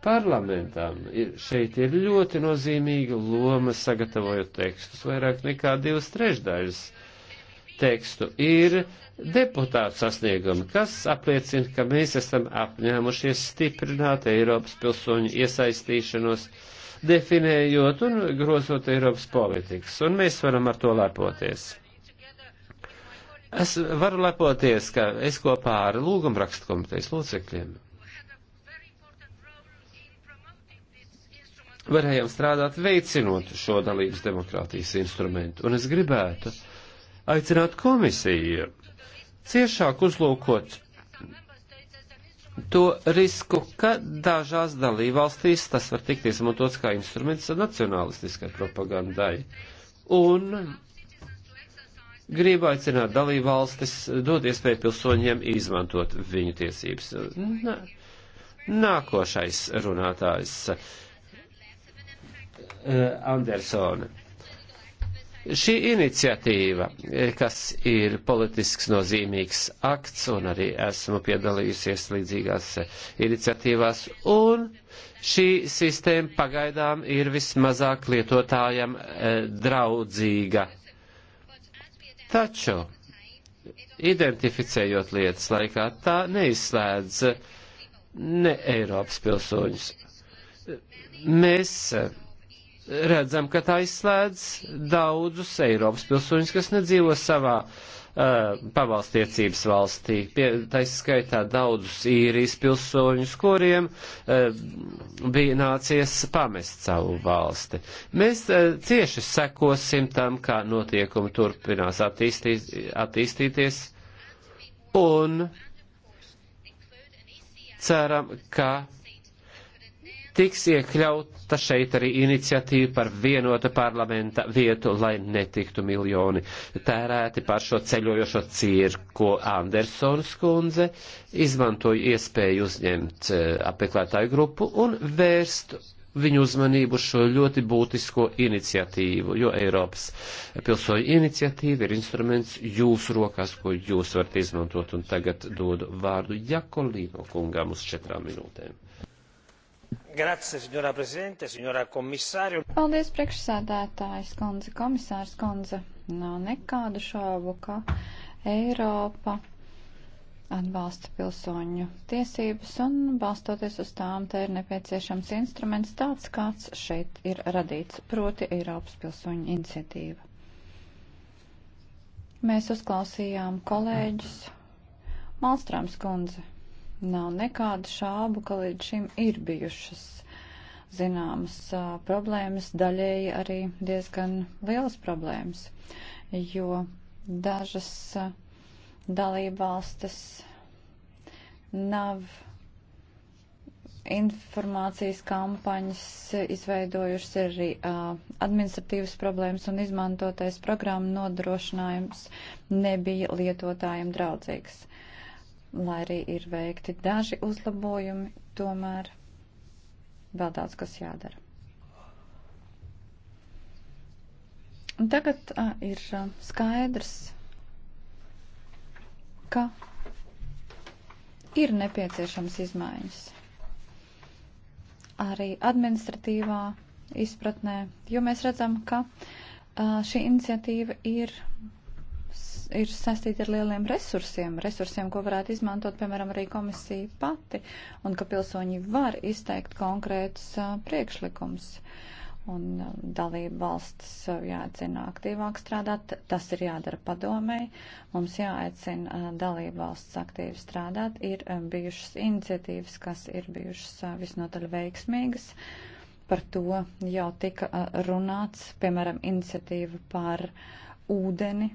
Parlamentam ir, šeit ir ļoti nozīmīga loma sagatavojot tekstus. Vairāk nekā divas trešdaļas tekstu ir deputātu sasniegumi, kas apliecina, ka mēs esam apņēmušies stiprināt Eiropas pilsoņu iesaistīšanos, definējot un grozot Eiropas politikas, un mēs varam ar to lepoties. Es varu lepoties, ka es kopā ar lūgumrakstu komitejas locekļiem varējām strādāt veicinot šo dalības demokrātijas instrumentu. Un es gribētu aicināt komisiju ciešāk uzlūkot to risku, ka dažās dalībvalstīs tas var tikt izmantots kā instruments nacionalistiskai propagandai. Un gribu aicināt dalībvalstis dot iespēju pilsoņiem izmantot viņu tiesības. Nā, nākošais runātājs. Eh, Andersone. Šī iniciatīva, eh, kas ir politisks nozīmīgs akts, un arī esmu piedalījusies līdzīgās eh, iniciatīvās, un šī sistēma pagaidām ir vismazāk lietotājam draudzīga. Taču, identificējot lietas laikā, tā neizslēdz ne Eiropas pilsoņus. Mēs redzam, ka tā izslēdz daudzus Eiropas pilsoņus, kas nedzīvo savā uh, pavalstiecības valstī. Pie, tā izskaitā daudzus īrijas pilsoņus, kuriem uh, bija nācies pamest savu valsti. Mēs uh, cieši sekosim tam, kā notiekumi turpinās attīstī, attīstīties un ceram, ka Tiks iekļauta šeit arī iniciatīva par vienotu parlamenta vietu, lai netiktu miljoni tērēti par šo ceļojošo cirku. Andersons kundze izmantoja iespēju uzņemt eh, apmeklētāju grupu un vērst viņu uzmanību šo ļoti būtisko iniciatīvu, jo Eiropas pilsoņu iniciatīva ir instruments jūsu rokās, ko jūs varat izmantot. Un tagad dodu vārdu Jakolīno kungām uz četrām minūtēm. Grazie, signora prezidente, signora komisāri. Paldies, priekšsēdētājs kundze, komisārs kundze. Nav nekādu šaubu, ka Eiropa atbalsta pilsoņu tiesības un balstoties uz tām, te tā ir nepieciešams instruments tāds, kāds šeit ir radīts, proti Eiropas pilsoņu iniciatīva. Mēs uzklausījām kolēģus Malstrāms kundzi Nav nekādu šābu, ka līdz šim ir bijušas zināmas problēmas, daļēji arī diezgan lielas problēmas, jo dažas dalībvalstis nav informācijas kampaņas izveidojušas arī uh, administratīvas problēmas un izmantotais programma nodrošinājums nebija lietotājiem draudzīgs. Uh, lai arī ir veikti daži uzlabojumi, tomēr vēl daudz kas jādara. Un tagad a, ir a, skaidrs, ka ir nepieciešams izmaiņas arī administratīvā izpratnē, jo mēs redzam, ka a, šī iniciatīva ir ir sastīta ar lieliem resursiem, resursiem, ko varētu izmantot, piemēram, arī komisija pati, un ka pilsoņi var izteikt konkrētus uh, priekšlikums. Un dalība valsts jāaicina aktīvāk strādāt, tas ir jādara padomēji, mums jāaicina dalība valsts aktīvi strādāt, ir bijušas iniciatīvas, kas ir bijušas visnotaļ veiksmīgas, par to jau tika runāts, piemēram, iniciatīva par ūdeni,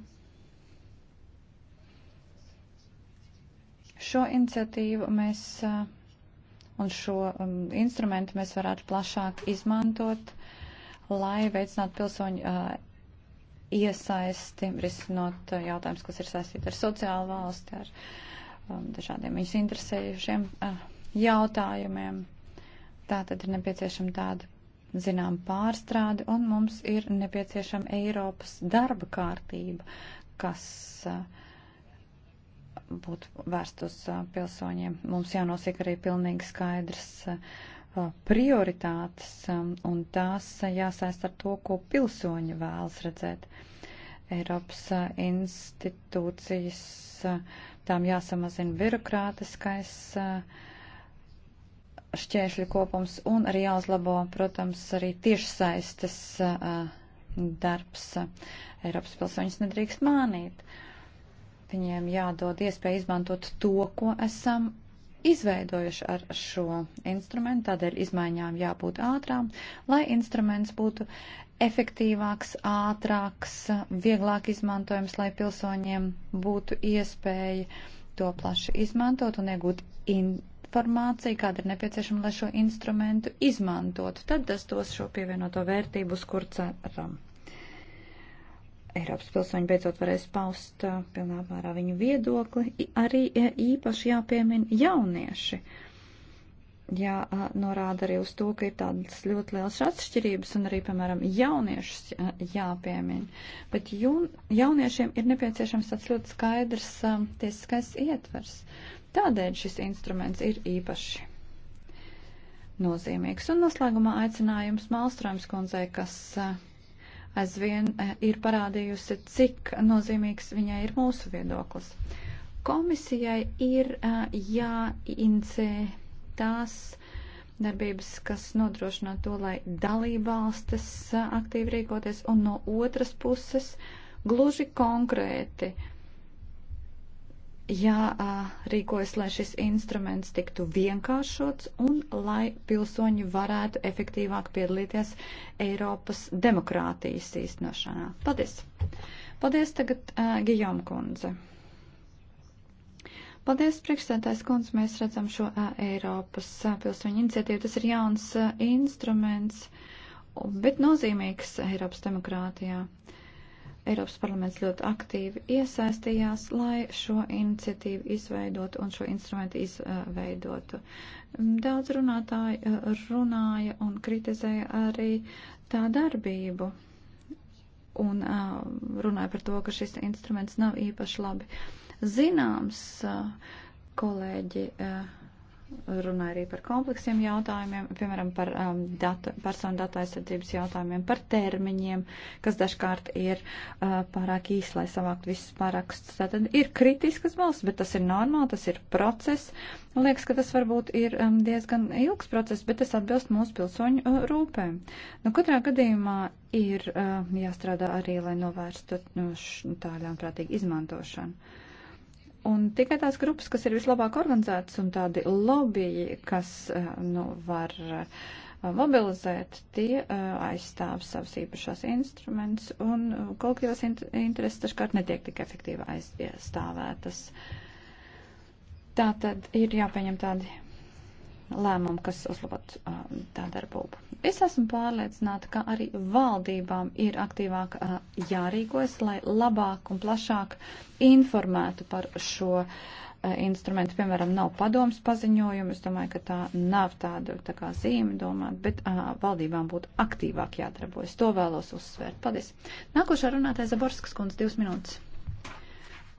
Šo iniciatīvu mēs eh, un šo um, instrumentu mēs varētu plašāk izmantot, lai veicinātu pilsoņu eh, iesaisti, risinot eh, jautājumus, kas ir saistīti ar sociālu valsti, ar um, dažādiem viņus interesējušiem jautājumiem. Tā tad ir nepieciešama tāda zinām pārstrādi, un mums ir nepieciešama Eiropas darba kārtība, kas uh, būtu vērst uz pilsoņiem. Mums jānosaka arī pilnīgi skaidrs prioritātes, un tās jāsaist ar to, ko pilsoņi vēlas redzēt. Eiropas institūcijas, tām jāsamazina birokrātiskais šķēršļu kopums un arī jāuzlabo, protams, arī tiešsaistes darbs. Eiropas pilsoņus nedrīkst mānīt. Uh, viņiem jādod iespēja izmantot to, ko esam izveidojuši ar šo instrumentu, tādēļ izmaiņām jābūt ātrām, lai instruments būtu efektīvāks, ātrāks, vieglāk izmantojams, lai pilsoņiem būtu iespēja to plaši izmantot un iegūt informāciju, kāda ir nepieciešama, lai šo instrumentu izmantotu. Tad tas dos šo pievienoto vērtību, uz kur ceram. Eiropas pilsoņi beidzot varēs paust uh, pilnā apmērā viņu viedokli. I, arī īpaši jāpiemina jaunieši. Jā, uh, norāda arī uz to, ka ir tādas ļoti lielas atšķirības un arī, piemēram, jauniešus uh, jāpiemina. Bet jun, jauniešiem ir nepieciešams tāds ļoti skaidrs um, tiesiskais ietvers. Tādēļ šis instruments ir īpaši nozīmīgs. Un noslēgumā aicinājums Malstrāms kundzei, kas aizvien e, ir parādījusi, cik nozīmīgs viņai ir mūsu viedoklis. Komisijai ir e, jāinicē tās darbības, kas nodrošina to, lai dalībvalstis e, aktīvi rīkoties, un no otras puses gluži konkrēti uh, jārīkojas, lai šis instruments tiktu vienkāršots un lai pilsoņi varētu efektīvāk piedalīties Eiropas demokrātijas īstenošanā. Paldies! Paldies tagad uh, Gijom kundze. Paldies, priekšsētājs kundze, mēs redzam šo uh, Eiropas uh, pilsoņu iniciatīvu. Tas ir jauns uh, instruments, bet nozīmīgs Eiropas demokrātijā. Uh, Eiropas parlaments ļoti aktīvi iesaistījās, lai šo iniciatīvu izveidotu un šo instrumentu izveidotu. Daudz runātāji uh, runāja un kritizēja arī tā darbību un uh, runāja par to, ka šis instruments nav īpaši labi zināms. Uh, kolēģi uh, runāja arī par kompleksiem jautājumiem, piemēram, par um, datu, personu datu aizsardzības jautājumiem, par termiņiem, kas dažkārt ir uh, pārāk īsi, lai savākt visus pārākstus. Tātad ir kritiskas balsts, bet tas ir normāli, tas ir process. Liekas, ka tas varbūt ir um, diezgan ilgs process, bet tas atbilst mūsu pilsoņu uh, rūpēm. Nu, katrā gadījumā ir uh, jāstrādā arī, lai novērstu uh, nu, tā ļaunprātīgu izmantošanu. Uh, Un tikai tās grupas, kas ir vislabāk organizētas un tādi lobby, kas eh, nu, var eh, mobilizēt, tie eh, aizstāv savus īpašās instrumentus un kolektīvās intereses taškārt netiek tik efektīvi aizstāvētas. Tātad ir jāpieņem tādi lēmumu, kas uzlabotu uh, tā darbību. Es esmu pārliecināta, ka arī valdībām ir aktīvāk uh, jārīkojas, lai labāk un plašāk informētu par šo uh, instrumentu. Piemēram, nav padoms paziņojumu, es domāju, ka tā nav tāda tā kā zīme domāt, bet uh, valdībām būtu aktīvāk jādarbojas. To vēlos uzsvērt. Paldies. Nākošā runātāja Zaborskas kundze, divas minūtes.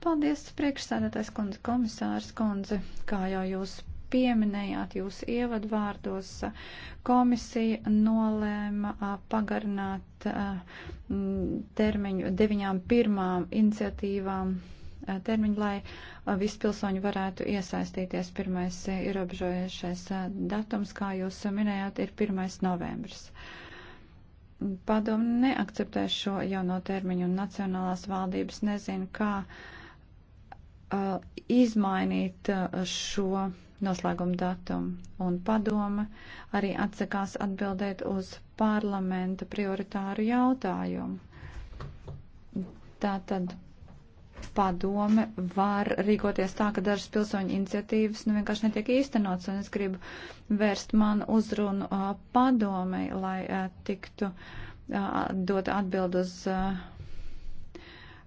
Paldies, priekšsēdētājs kundze, komisārs kundze, kā jau jūs pieminējāt jūs ievadvārdos, komisija nolēma pagarināt termiņu deviņām pirmām iniciatīvām termiņu, lai visi pilsoņi varētu iesaistīties. Pirmais ierobežojušais datums, kā jūs minējāt, ir 1. novembris. Padomu neakceptē šo jauno termiņu un nacionālās valdības nezinu, kā uh, izmainīt šo noslēguma datumu, un padome arī atsakās atbildēt uz parlamenta prioritāru jautājumu. Tātad padome var rīkoties tā, ka dažas pilsoņu iniciatīvas nu, vienkārši netiek īstenots, un es gribu vērst manu uzrunu uh, padomei, lai uh, tiktu uh, dot atbild uz. Uh,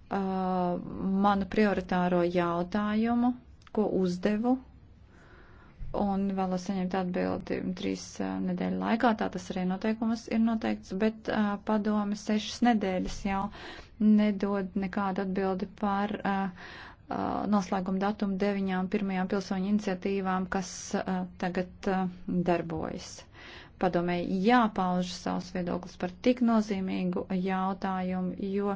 uh, manu prioritāro jautājumu, ko uzdevu un vēlos saņemt atbildi trīs nedēļu laikā, tā tas arī noteikumus ir noteikts, bet uh, padome sešas nedēļas jau nedod nekādu atbildi par uh, noslēguma datumu deviņām pirmajām pilsoņu iniciatīvām, kas tagad darbojas. Padomē jāpauž savs viedoklis par tik nozīmīgu jautājumu, jo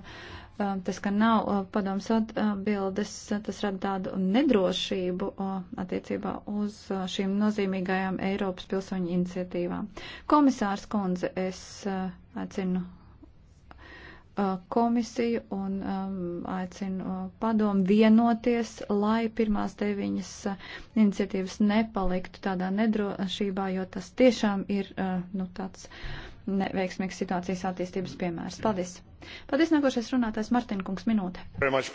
tas, ka nav padoms atbildes, tas rada tādu nedrošību attiecībā uz šīm nozīmīgajām Eiropas pilsoņu iniciatīvām. Komisārs Konze, es aicinu Uh, komisiju un um, aicinu uh, padomu vienoties, lai pirmās deviņas uh, iniciatīvas nepaliktu tādā nedrošībā, jo tas tiešām ir uh, nu, tāds neveiksmīgas situācijas attīstības piemērs. Paldies! Paldies, nākošais runātājs Martin Kungs, minūte. Much,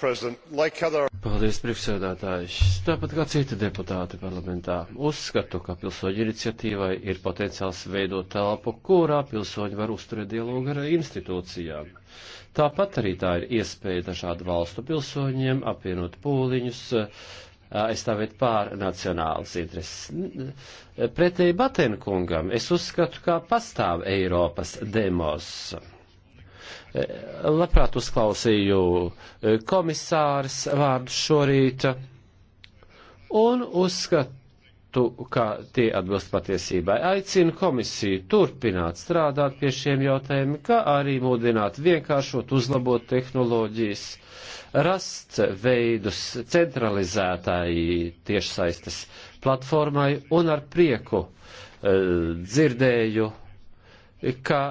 like other... Paldies, priekšsēdētājs. Tāpat kā citi deputāti parlamentā, uzskatu, ka pilsoņu iniciatīvai ir potenciāls veidot telpu, kurā pilsoņi var uzturēt dialogu ar institūcijām. Tāpat arī tā ir iespēja dažādu valstu pilsoņiem apvienot pūliņus, uh, aizstāvēt pārnacionālas intereses. Pretēji Batenkungam es uzskatu, kā pastāv Eiropas demos. Labprāt uzklausīju komisāras vārdu šorīt un uzskatu, uzskatu, ka tie atbilst patiesībai. Aicinu komisiju turpināt strādāt pie šiem jautājumiem, kā arī mudināt vienkāršot, uzlabot tehnoloģijas, rast veidus centralizētāji tiešsaistes platformai un ar prieku eh, dzirdēju, ka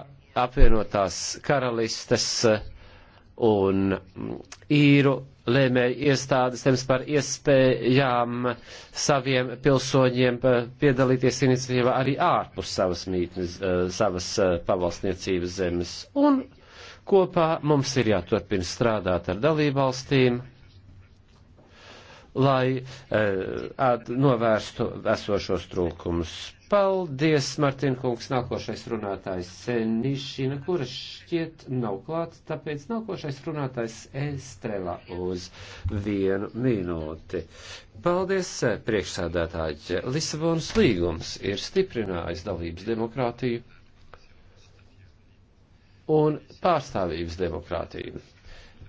apvienotās karalistes eh, un īru lēmēju iestādes lems par iespējām saviem pilsoņiem piedalīties iniciatīvā arī ārpus savas mītnes, eh, savas eh, pavalsniecības zemes. Un kopā mums ir jāturpina strādāt ar dalībvalstīm, lai eh, at, novērstu esošos trūkumus. Paldies, Martin Kungs. Nākošais runātājs Senišina, kura šķiet nav klāts, tāpēc nākošais runātājs Estrela uz vienu minūti. Paldies, priekšsādātāji. Lisabonas līgums ir stiprinājis dalības demokrātiju un pārstāvības demokrātiju.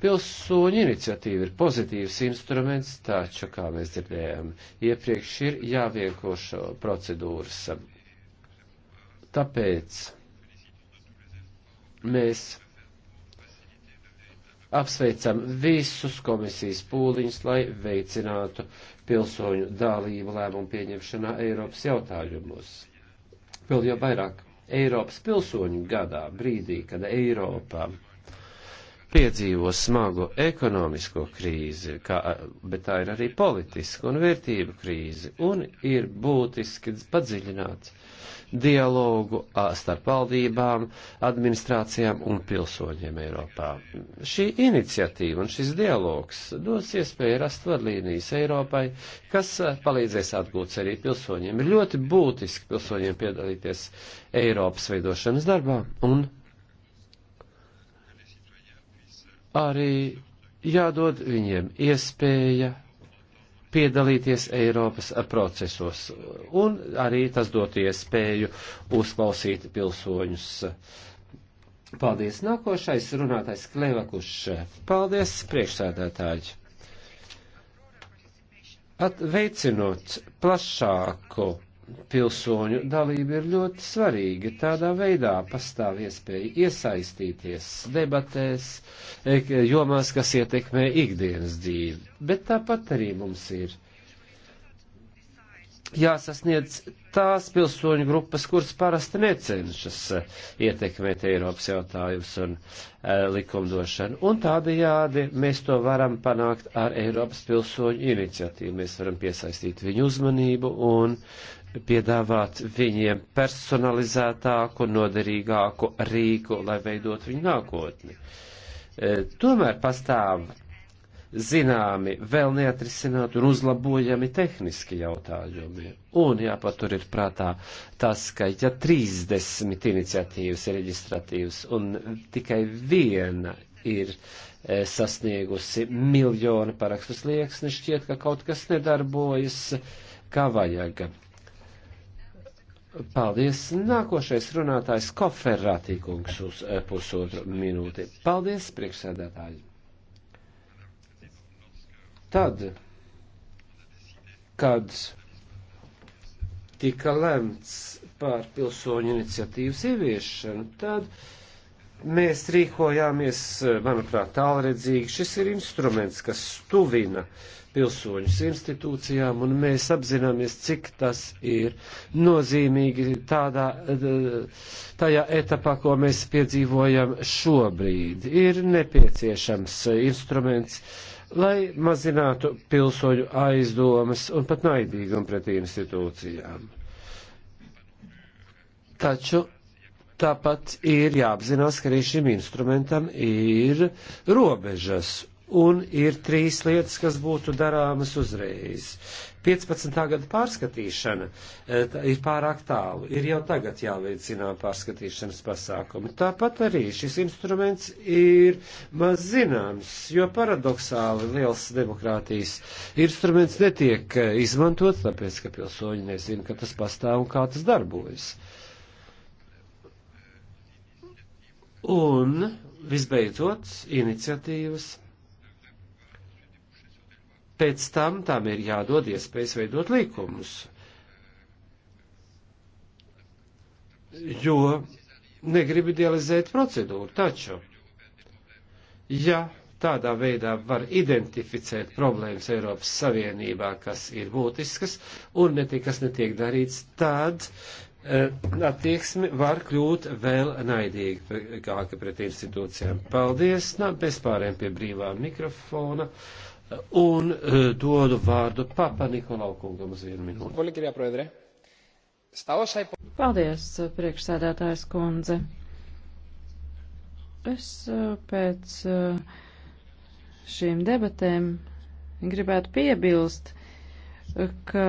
Pilsoņu iniciatīva ir pozitīvs instruments, taču, kā mēs dzirdējām, iepriekš ir jāvienkošo procedūras. Tāpēc mēs apsveicam visus komisijas pūliņus, lai veicinātu pilsoņu dālību lēmumu pieņemšanā Eiropas jautājumos. Vēl jau vairāk Eiropas pilsoņu gadā, brīdī, kad Eiropā piedzīvo smagu ekonomisko krīzi, kā, bet tā ir arī politiska un vērtību krīze, un ir būtiski padziļināt dialogu starp valdībām, administrācijām un pilsoņiem Eiropā. Šī iniciatīva un šis dialogs dos iespēju rast vadlīnijas Eiropai, kas palīdzēs atgūt arī pilsoņiem. Ir ļoti būtiski pilsoņiem piedalīties Eiropas veidošanas darbā un arī jādod viņiem iespēja piedalīties Eiropas procesos, un arī tas dot iespēju uzklausīt pilsoņus. Paldies. Nākošais runātais Klevakušs. Paldies, priekšsēdētāji. At, veicinot plašāku pilsoņu dalība ir ļoti svarīga. Tādā veidā pastāv iespēja iesaistīties debatēs, e, jomās, kas ietekmē ikdienas dzīvi. Bet tāpat arī mums ir jāsasniedz tās pilsoņu grupas, kuras parasti necenšas e, ietekmēt Eiropas jautājumus un e, likumdošanu. Un tādējādi mēs to varam panākt ar Eiropas pilsoņu iniciatīvu. Mēs varam piesaistīt viņu uzmanību un piedāvāt viņiem personalizētāku, noderīgāku rīku, lai veidot viņu nākotni. E, tomēr pastāv zināmi, vēl neatrisināti un uzlabojami tehniski jautājumi. Un jāpatur ir prātā tas, ka ja 30 iniciatīvas ir reģistratīvas un tikai viena ir e, sasniegusi miljonu parakstu slieksni, šķiet, ka kaut kas nedarbojas kā vajag. Paldies. Nākošais runātājs Koferrātī kungs uz eh, pusotru minūti. Paldies, priekšsēdētāji. Tad, kad tika lemts par pilsoņu iniciatīvas ieviešanu, tad uh, Mēs rīkojāmies, eh, manuprāt, tālredzīgi. Šis ir instruments, kas stuvina pilsoņus institūcijām, un mēs apzināmies, cik tas ir nozīmīgi tādā, eh, tajā etapā, ko mēs piedzīvojam šobrīd. Ir nepieciešams instruments, lai mazinātu pilsoņu aizdomas un pat naidīgumu pret institūcijām. Taču Tāpat ir jāapzinās, ka arī šim instrumentam ir robežas un ir trīs lietas, kas būtu darāmas uzreiz. 15. gada pārskatīšana e, ir pārāk tālu, ir jau tagad jāveicinām pārskatīšanas pasākumi. Tāpat arī šis instruments ir maz zināms, jo paradoxāli liels demokrātijas instruments netiek e, izmantots, tāpēc, ka pilsoņi nezin, ka tas pastāv un kā tas darbojas. Uh, Un, visbeidzot, iniciatīvas. Pēc tam tam ir jādod iespējas veidot līkumus. Jo negribu idealizēt procedūru, taču, ja tādā veidā var identificēt problēmas Eiropas Savienībā, kas ir būtiskas un ne, kas netiek darīts, tad Eh, attieksme var kļūt vēl naidīgāka pret institūcijām. Paldies, nā, bez pārējiem pie brīvā mikrofona. Eh, un uh, dodu vārdu Papa Nikolau kungam uz vienu minūti. E Paldies, priekšsēdētājs kundze. Es pēc šīm debatēm gribētu piebilst, ka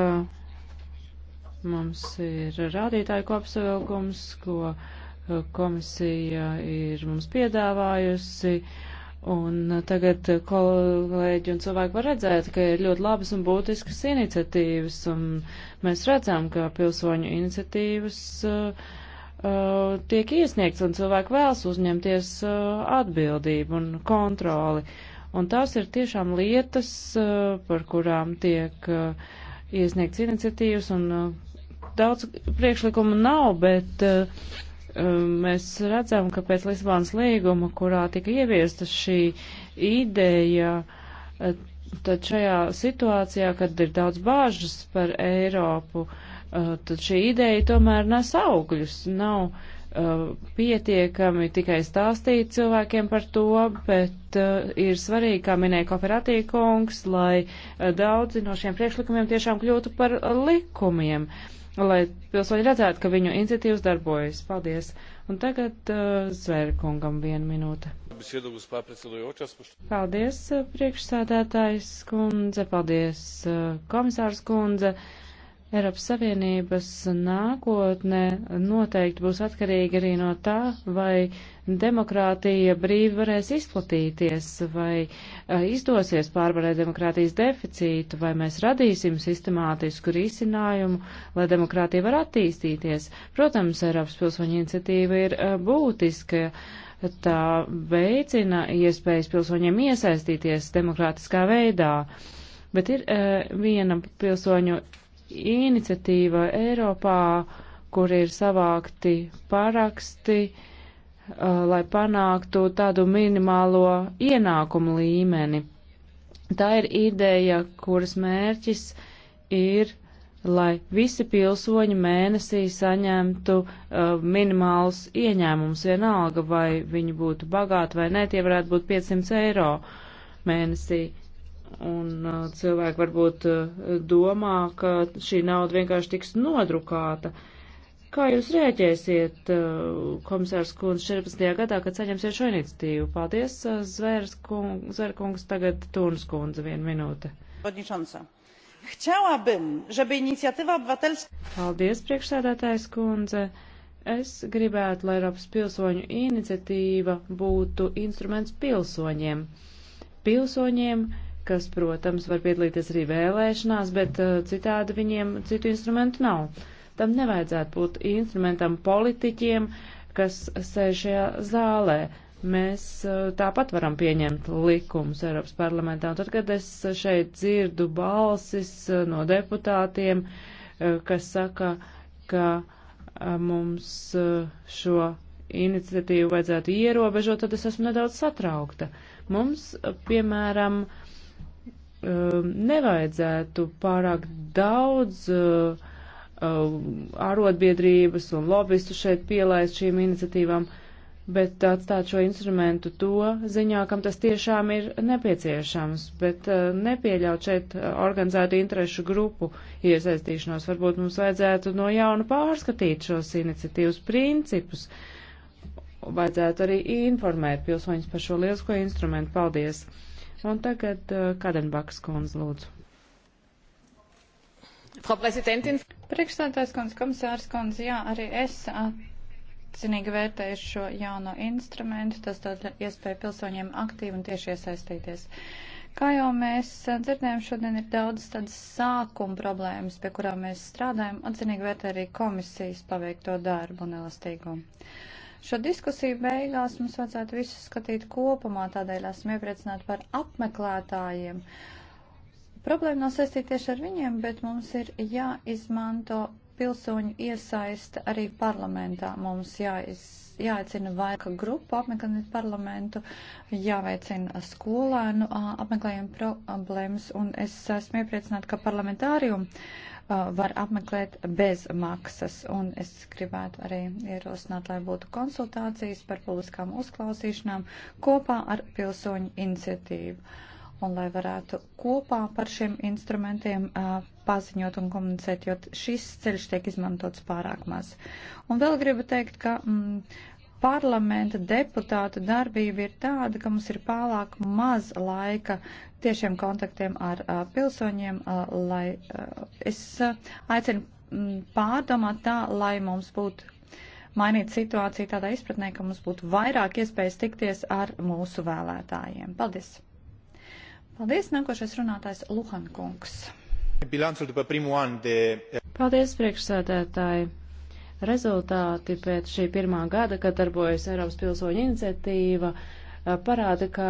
Mums ir rādītāju kopsavilkums, ko eh, komisija ir mums piedāvājusi. Un tagad kolēģi un cilvēki var redzēt, ka ir ļoti labas un būtiskas iniciatīvas, un mēs redzam, ka pilsoņu iniciatīvas uh, uh, tiek iesniegts, un cilvēki vēlas uzņemties uh, atbildību un kontroli. Un tās ir tiešām lietas, uh, par kurām tiek uh, iesniegts iniciatīvas, un uh, Daudz priekšlikumu nav, bet uh, mēs redzam, ka pēc Lisbonas līguma, kurā tika ieviesta šī ideja, uh, tad šajā situācijā, kad ir daudz bāžas par Eiropu, uh, tad šī ideja tomēr nes augļus. Nav pietiekami tikai stāstīt cilvēkiem par to, bet uh, ir svarīgi, kā minēja kooperatīva kungs, lai uh, daudzi no šiem priekšlikumiem tiešām kļūtu par likumiem. Uh, lai pilsoņi redzētu, ka viņu iniciatīvas darbojas. Paldies! Un tagad uh, Zvērkungam viena minūte. Paldies, uh, priekšsēdētājs kundze, paldies, uh, komisārs kundze. Uh, Eiropas Savienības nākotne noteikti būs atkarīga arī no tā, vai demokrātija brīvi varēs izplatīties, vai izdosies pārvarēt demokrātijas deficītu, vai mēs radīsim sistemātisku risinājumu, lai demokrātija var attīstīties. Protams, Eiropas pilsoņu iniciatīva ir būtiska. Tā veicina iespējas pilsoņiem iesaistīties demokrātiskā veidā. Bet ir uh, viena pilsoņu iniciatīva Eiropā, kur ir savākti paraksti, uh, lai panāktu tādu minimālo ienākumu līmeni. Tā ir ideja, kuras mērķis ir, lai visi pilsoņi mēnesī saņemtu uh, minimālus ieņēmumus vienalga, vai viņi būtu bagāti vai nē, tie varētu būt 500 eiro mēnesī. Uh, Un uh, cilvēki varbūt uh, domā, ka šī nauda vienkārši tiks nodrukāta. Kā jūs rēķēsiet, uh, komisārs kundze, 14. gadā, kad saņemsiet šo iniciatīvu? Paldies, uh, Zverkungs, kung, tagad Tūnas kundze, viena minūte. Paldies, priekšsēdētājs kundze. Es gribētu, lai Eiropas pilsoņu iniciatīva būtu instruments pilsoņiem. Pilsoņiem, uh, kas, protams, var piedalīties arī vēlēšanās, bet uh, citādi viņiem citu instrumentu nav. Tam nevajadzētu būt instrumentam politiķiem, kas sēž šajā zālē. Mēs uh, tāpat varam pieņemt likumus Eiropas parlamentā. Un tad, kad es šeit dzirdu balsis uh, no deputātiem, uh, kas saka, ka uh, mums uh, šo iniciatīvu vajadzētu ierobežot, tad es esmu nedaudz satraukta. Mums, piemēram, uh, Um, nevajadzētu pārāk daudz ārotbiedrības uh, um, un lobbyistu šeit pielaist šīm iniciatīvām, bet atstāt šo instrumentu to ziņā, kam tas tiešām ir nepieciešams, bet uh, nepieļaut šeit organizētu interešu grupu iesaistīšanos. Varbūt mums vajadzētu no jauna pārskatīt šos iniciatīvas principus. Vajadzētu arī informēt pilsoņus par šo lielisko instrumentu. Paldies! Un tagad uh, Kadenbakas kundze lūdzu. Frau Präsidentin. Priekšstādājs kundze, komisārs kundze, jā, arī es atcinīgi vērtēju šo jauno instrumentu. Tas dod iespēju pilsoņiem aktīvi un tieši iesaistīties. Kā jau mēs dzirdējām, šodien ir daudz tādas sākuma problēmas, pie kurām mēs strādājam. Atzinīgi vērtē arī komisijas paveikto darbu un elastīgumu. Šo diskusiju beigās mums vajadzētu visu skatīt kopumā, tādēļ esmu iepriecināta par apmeklētājiem. Problēma nav saistīta tieši ar viņiem, bet mums ir jāizmanto pilsoņu iesaista arī parlamentā. Mums jāiz, jāicina vairāk grupu apmeklēt parlamentu, jāveicina skolēnu apmeklējumu problēmas, un es esmu iepriecināta, ka parlamentārium Uh, var apmeklēt bez maksas. Un es gribētu arī ierosināt, lai būtu konsultācijas par publiskām uzklausīšanām kopā ar pilsoņu iniciatīvu. Un lai varētu kopā par šiem instrumentiem uh, paziņot un komunicēt, jo šis ceļš tiek izmantots pārāk maz. Un vēl gribu teikt, ka. Mm, parlamenta deputātu darbība ir tāda, ka mums ir pārāk maz laika tiešiem kontaktiem ar a, pilsoņiem, a, lai a, es a, aicinu pārdomāt tā, lai mums būtu mainīt situāciju tādā izpratnē, ka mums būtu vairāk iespējas tikties ar mūsu vēlētājiem. Paldies! Paldies, nākošais runātājs Luhankungs. Bilanțul după primul an de... Paldies, priekšsēdētāji. Rezultāti pēc šī pirmā gada, kad darbojas Eiropas pilsoņu iniciatīva, parāda, ka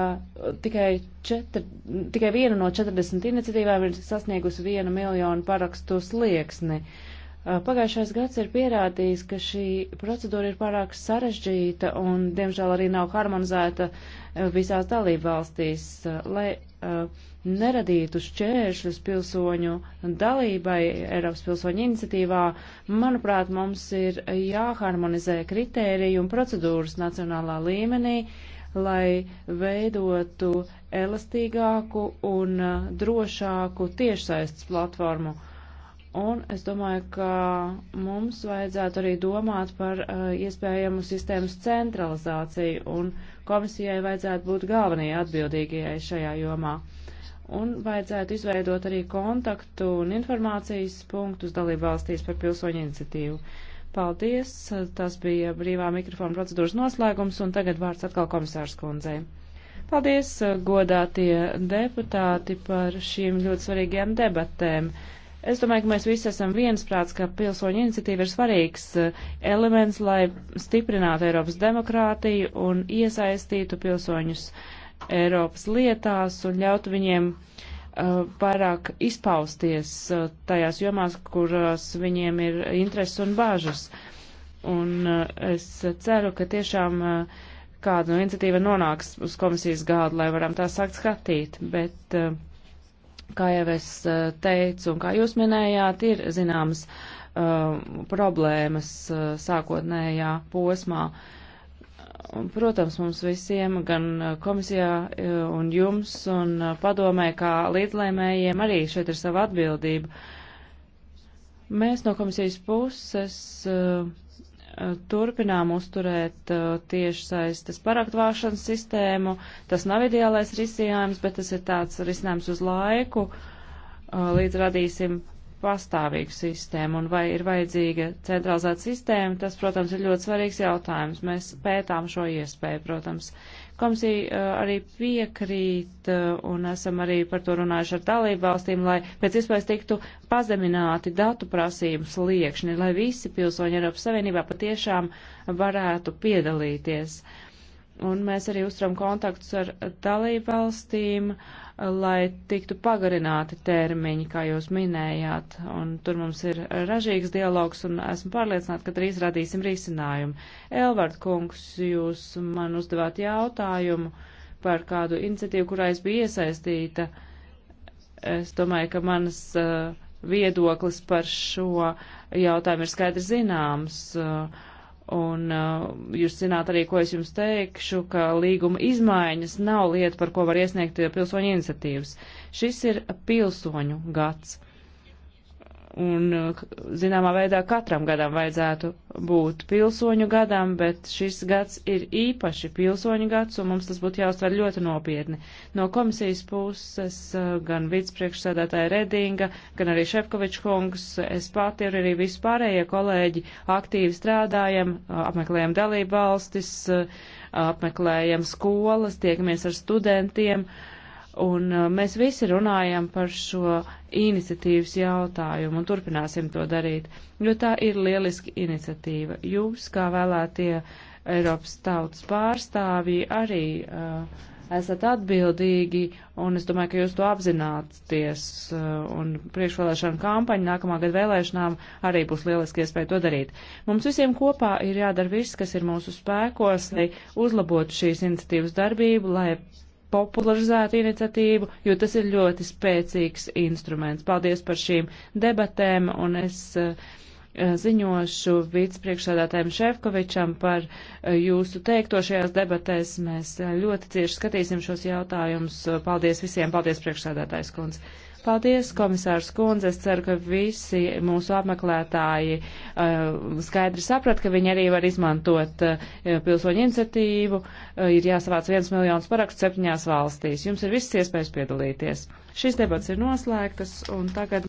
tikai, četri, tikai viena no 40 iniciatīvām ir sasniegusi viena miljonu parakstu slieksni. Pagājušais gads ir pierādījis, ka šī procedūra ir pārāk sarežģīta un, diemžēl, arī nav harmonizēta visās dalību valstīs, lai uh, neradītu šķēršļus pilsoņu dalībai Eiropas pilsoņu iniciatīvā, manuprāt, mums ir jāharmonizē kritēriju un procedūras nacionālā līmenī, lai veidotu elastīgāku un uh, drošāku tiešsaistes platformu. Un es domāju, ka mums vajadzētu arī domāt par uh, iespējamu sistēmas centralizāciju, un komisijai vajadzētu būt galvenajai atbildīgajai šajā jomā. Uh, un vajadzētu izveidot arī kontaktu un informācijas punktus dalību valstīs par pilsoņu iniciatīvu. Paldies, tas bija brīvā mikrofona procedūras noslēgums, un tagad vārds atkal komisārs kundzei. Paldies, godātie deputāti, par šīm ļoti svarīgajām debatēm. Es domāju, ka mēs visi esam viensprāts, ka pilsoņu iniciatīva ir svarīgs eh, elements, lai stiprinātu Eiropas demokrātiju un iesaistītu pilsoņus uh, Eiropas lietās un ļautu viņiem uh, pārāk izpausties uh, tajās jomās, kurās viņiem ir intereses un bāžas. Un uh, es ceru, ka tiešām uh, kāda no iniciatīva nonāks uz komisijas galdu, lai varam tā sākt skatīt, bet uh, kā jau es teicu un kā jūs minējāt, ir zināmas uh, problēmas uh, sākotnējā posmā. Uh, Un, protams, mums visiem, gan uh, komisijā uh, un jums un uh, padomē, kā līdzlēmējiem, arī šeit ir sava atbildība. Mēs no komisijas puses turpinām uzturēt tieši saistes paraktvāšanas sistēmu. Tas nav ideālais risinājums, bet tas ir tāds risinājums uz laiku, līdz radīsim pastāvīgu sistēmu un vai ir vajadzīga centralizēta sistēma, tas, protams, ir ļoti svarīgs jautājums. Mēs pētām šo iespēju, protams. Komisija eh, arī piekrīt eh, un esam arī par to runājuši ar dalību valstīm, lai pēc iespējas tiktu pazemināti datu prasību sliekšņi, lai visi pilsoņi Eiropas Savienībā patiešām varētu piedalīties. Un mēs arī uztram kontaktus ar dalību valstīm. Uh, lai tiktu pagarināti termiņi, kā jūs minējāt. Un tur mums ir ražīgs dialogs, un esmu pārliecināta, ka drīz radīsim risinājumu. Elvard kungs, jūs man uzdevāt jautājumu par kādu iniciatīvu, kurā es biju iesaistīta. Es domāju, ka manas uh, viedoklis par šo jautājumu ir skaidrs zināms. Uh, Un uh, jūs zināt arī, ko es jums teikšu, ka līguma izmaiņas nav lieta, par ko var iesniegt uh, pilsoņu iniciatīvas. Šis ir pilsoņu gads un eh, zināmā veidā katram gadam vajadzētu būt pilsoņu gadam, bet šis gads ir īpaši pilsoņu gads, un mums tas būtu jāuztver ļoti nopietni. No komisijas puses eh, gan vicepriekšsēdētāja Redinga, gan arī Šefkoviča kungs, es pati un arī vispārējie kolēģi aktīvi strādājam, eh, apmeklējam dalību valstis, apmeklējam skolas, tiekamies ar studentiem. Un mēs visi runājam par šo iniciatīvas jautājumu un turpināsim to darīt, jo tā ir lieliski iniciatīva. Jūs, kā vēlētie Eiropas tautas pārstāvji, arī uh, esat atbildīgi un es domāju, ka jūs to apzināties uh, un priekšvēlēšana kampaņa nākamā gada vēlēšanām arī būs lieliski iespēja to darīt. Mums visiem kopā ir jādara viss, kas ir mūsu spēkos, lai uzlabotu šīs iniciatīvas darbību, lai popularizētu iniciatīvu, jo tas ir ļoti spēcīgs instruments. Paldies par šīm debatēm, un es eh, ziņošu vicepriekšsādātājiem Šefkovičam par eh, jūsu teikto šajās debatēs. Mēs eh, ļoti cieši skatīsim šos jautājumus. Paldies visiem, paldies priekšsādātājs kundze. Paldies, komisārs Kundze. Es ceru, ka visi mūsu apmeklētāji uh, skaidri saprat, ka viņi arī var izmantot uh, pilsoņu iniciatīvu. Uh, ir jāsavāc viens miljons parakstu septiņās valstīs. Jums ir visas iespējas piedalīties. Šīs debats ir noslēgtas un tagad.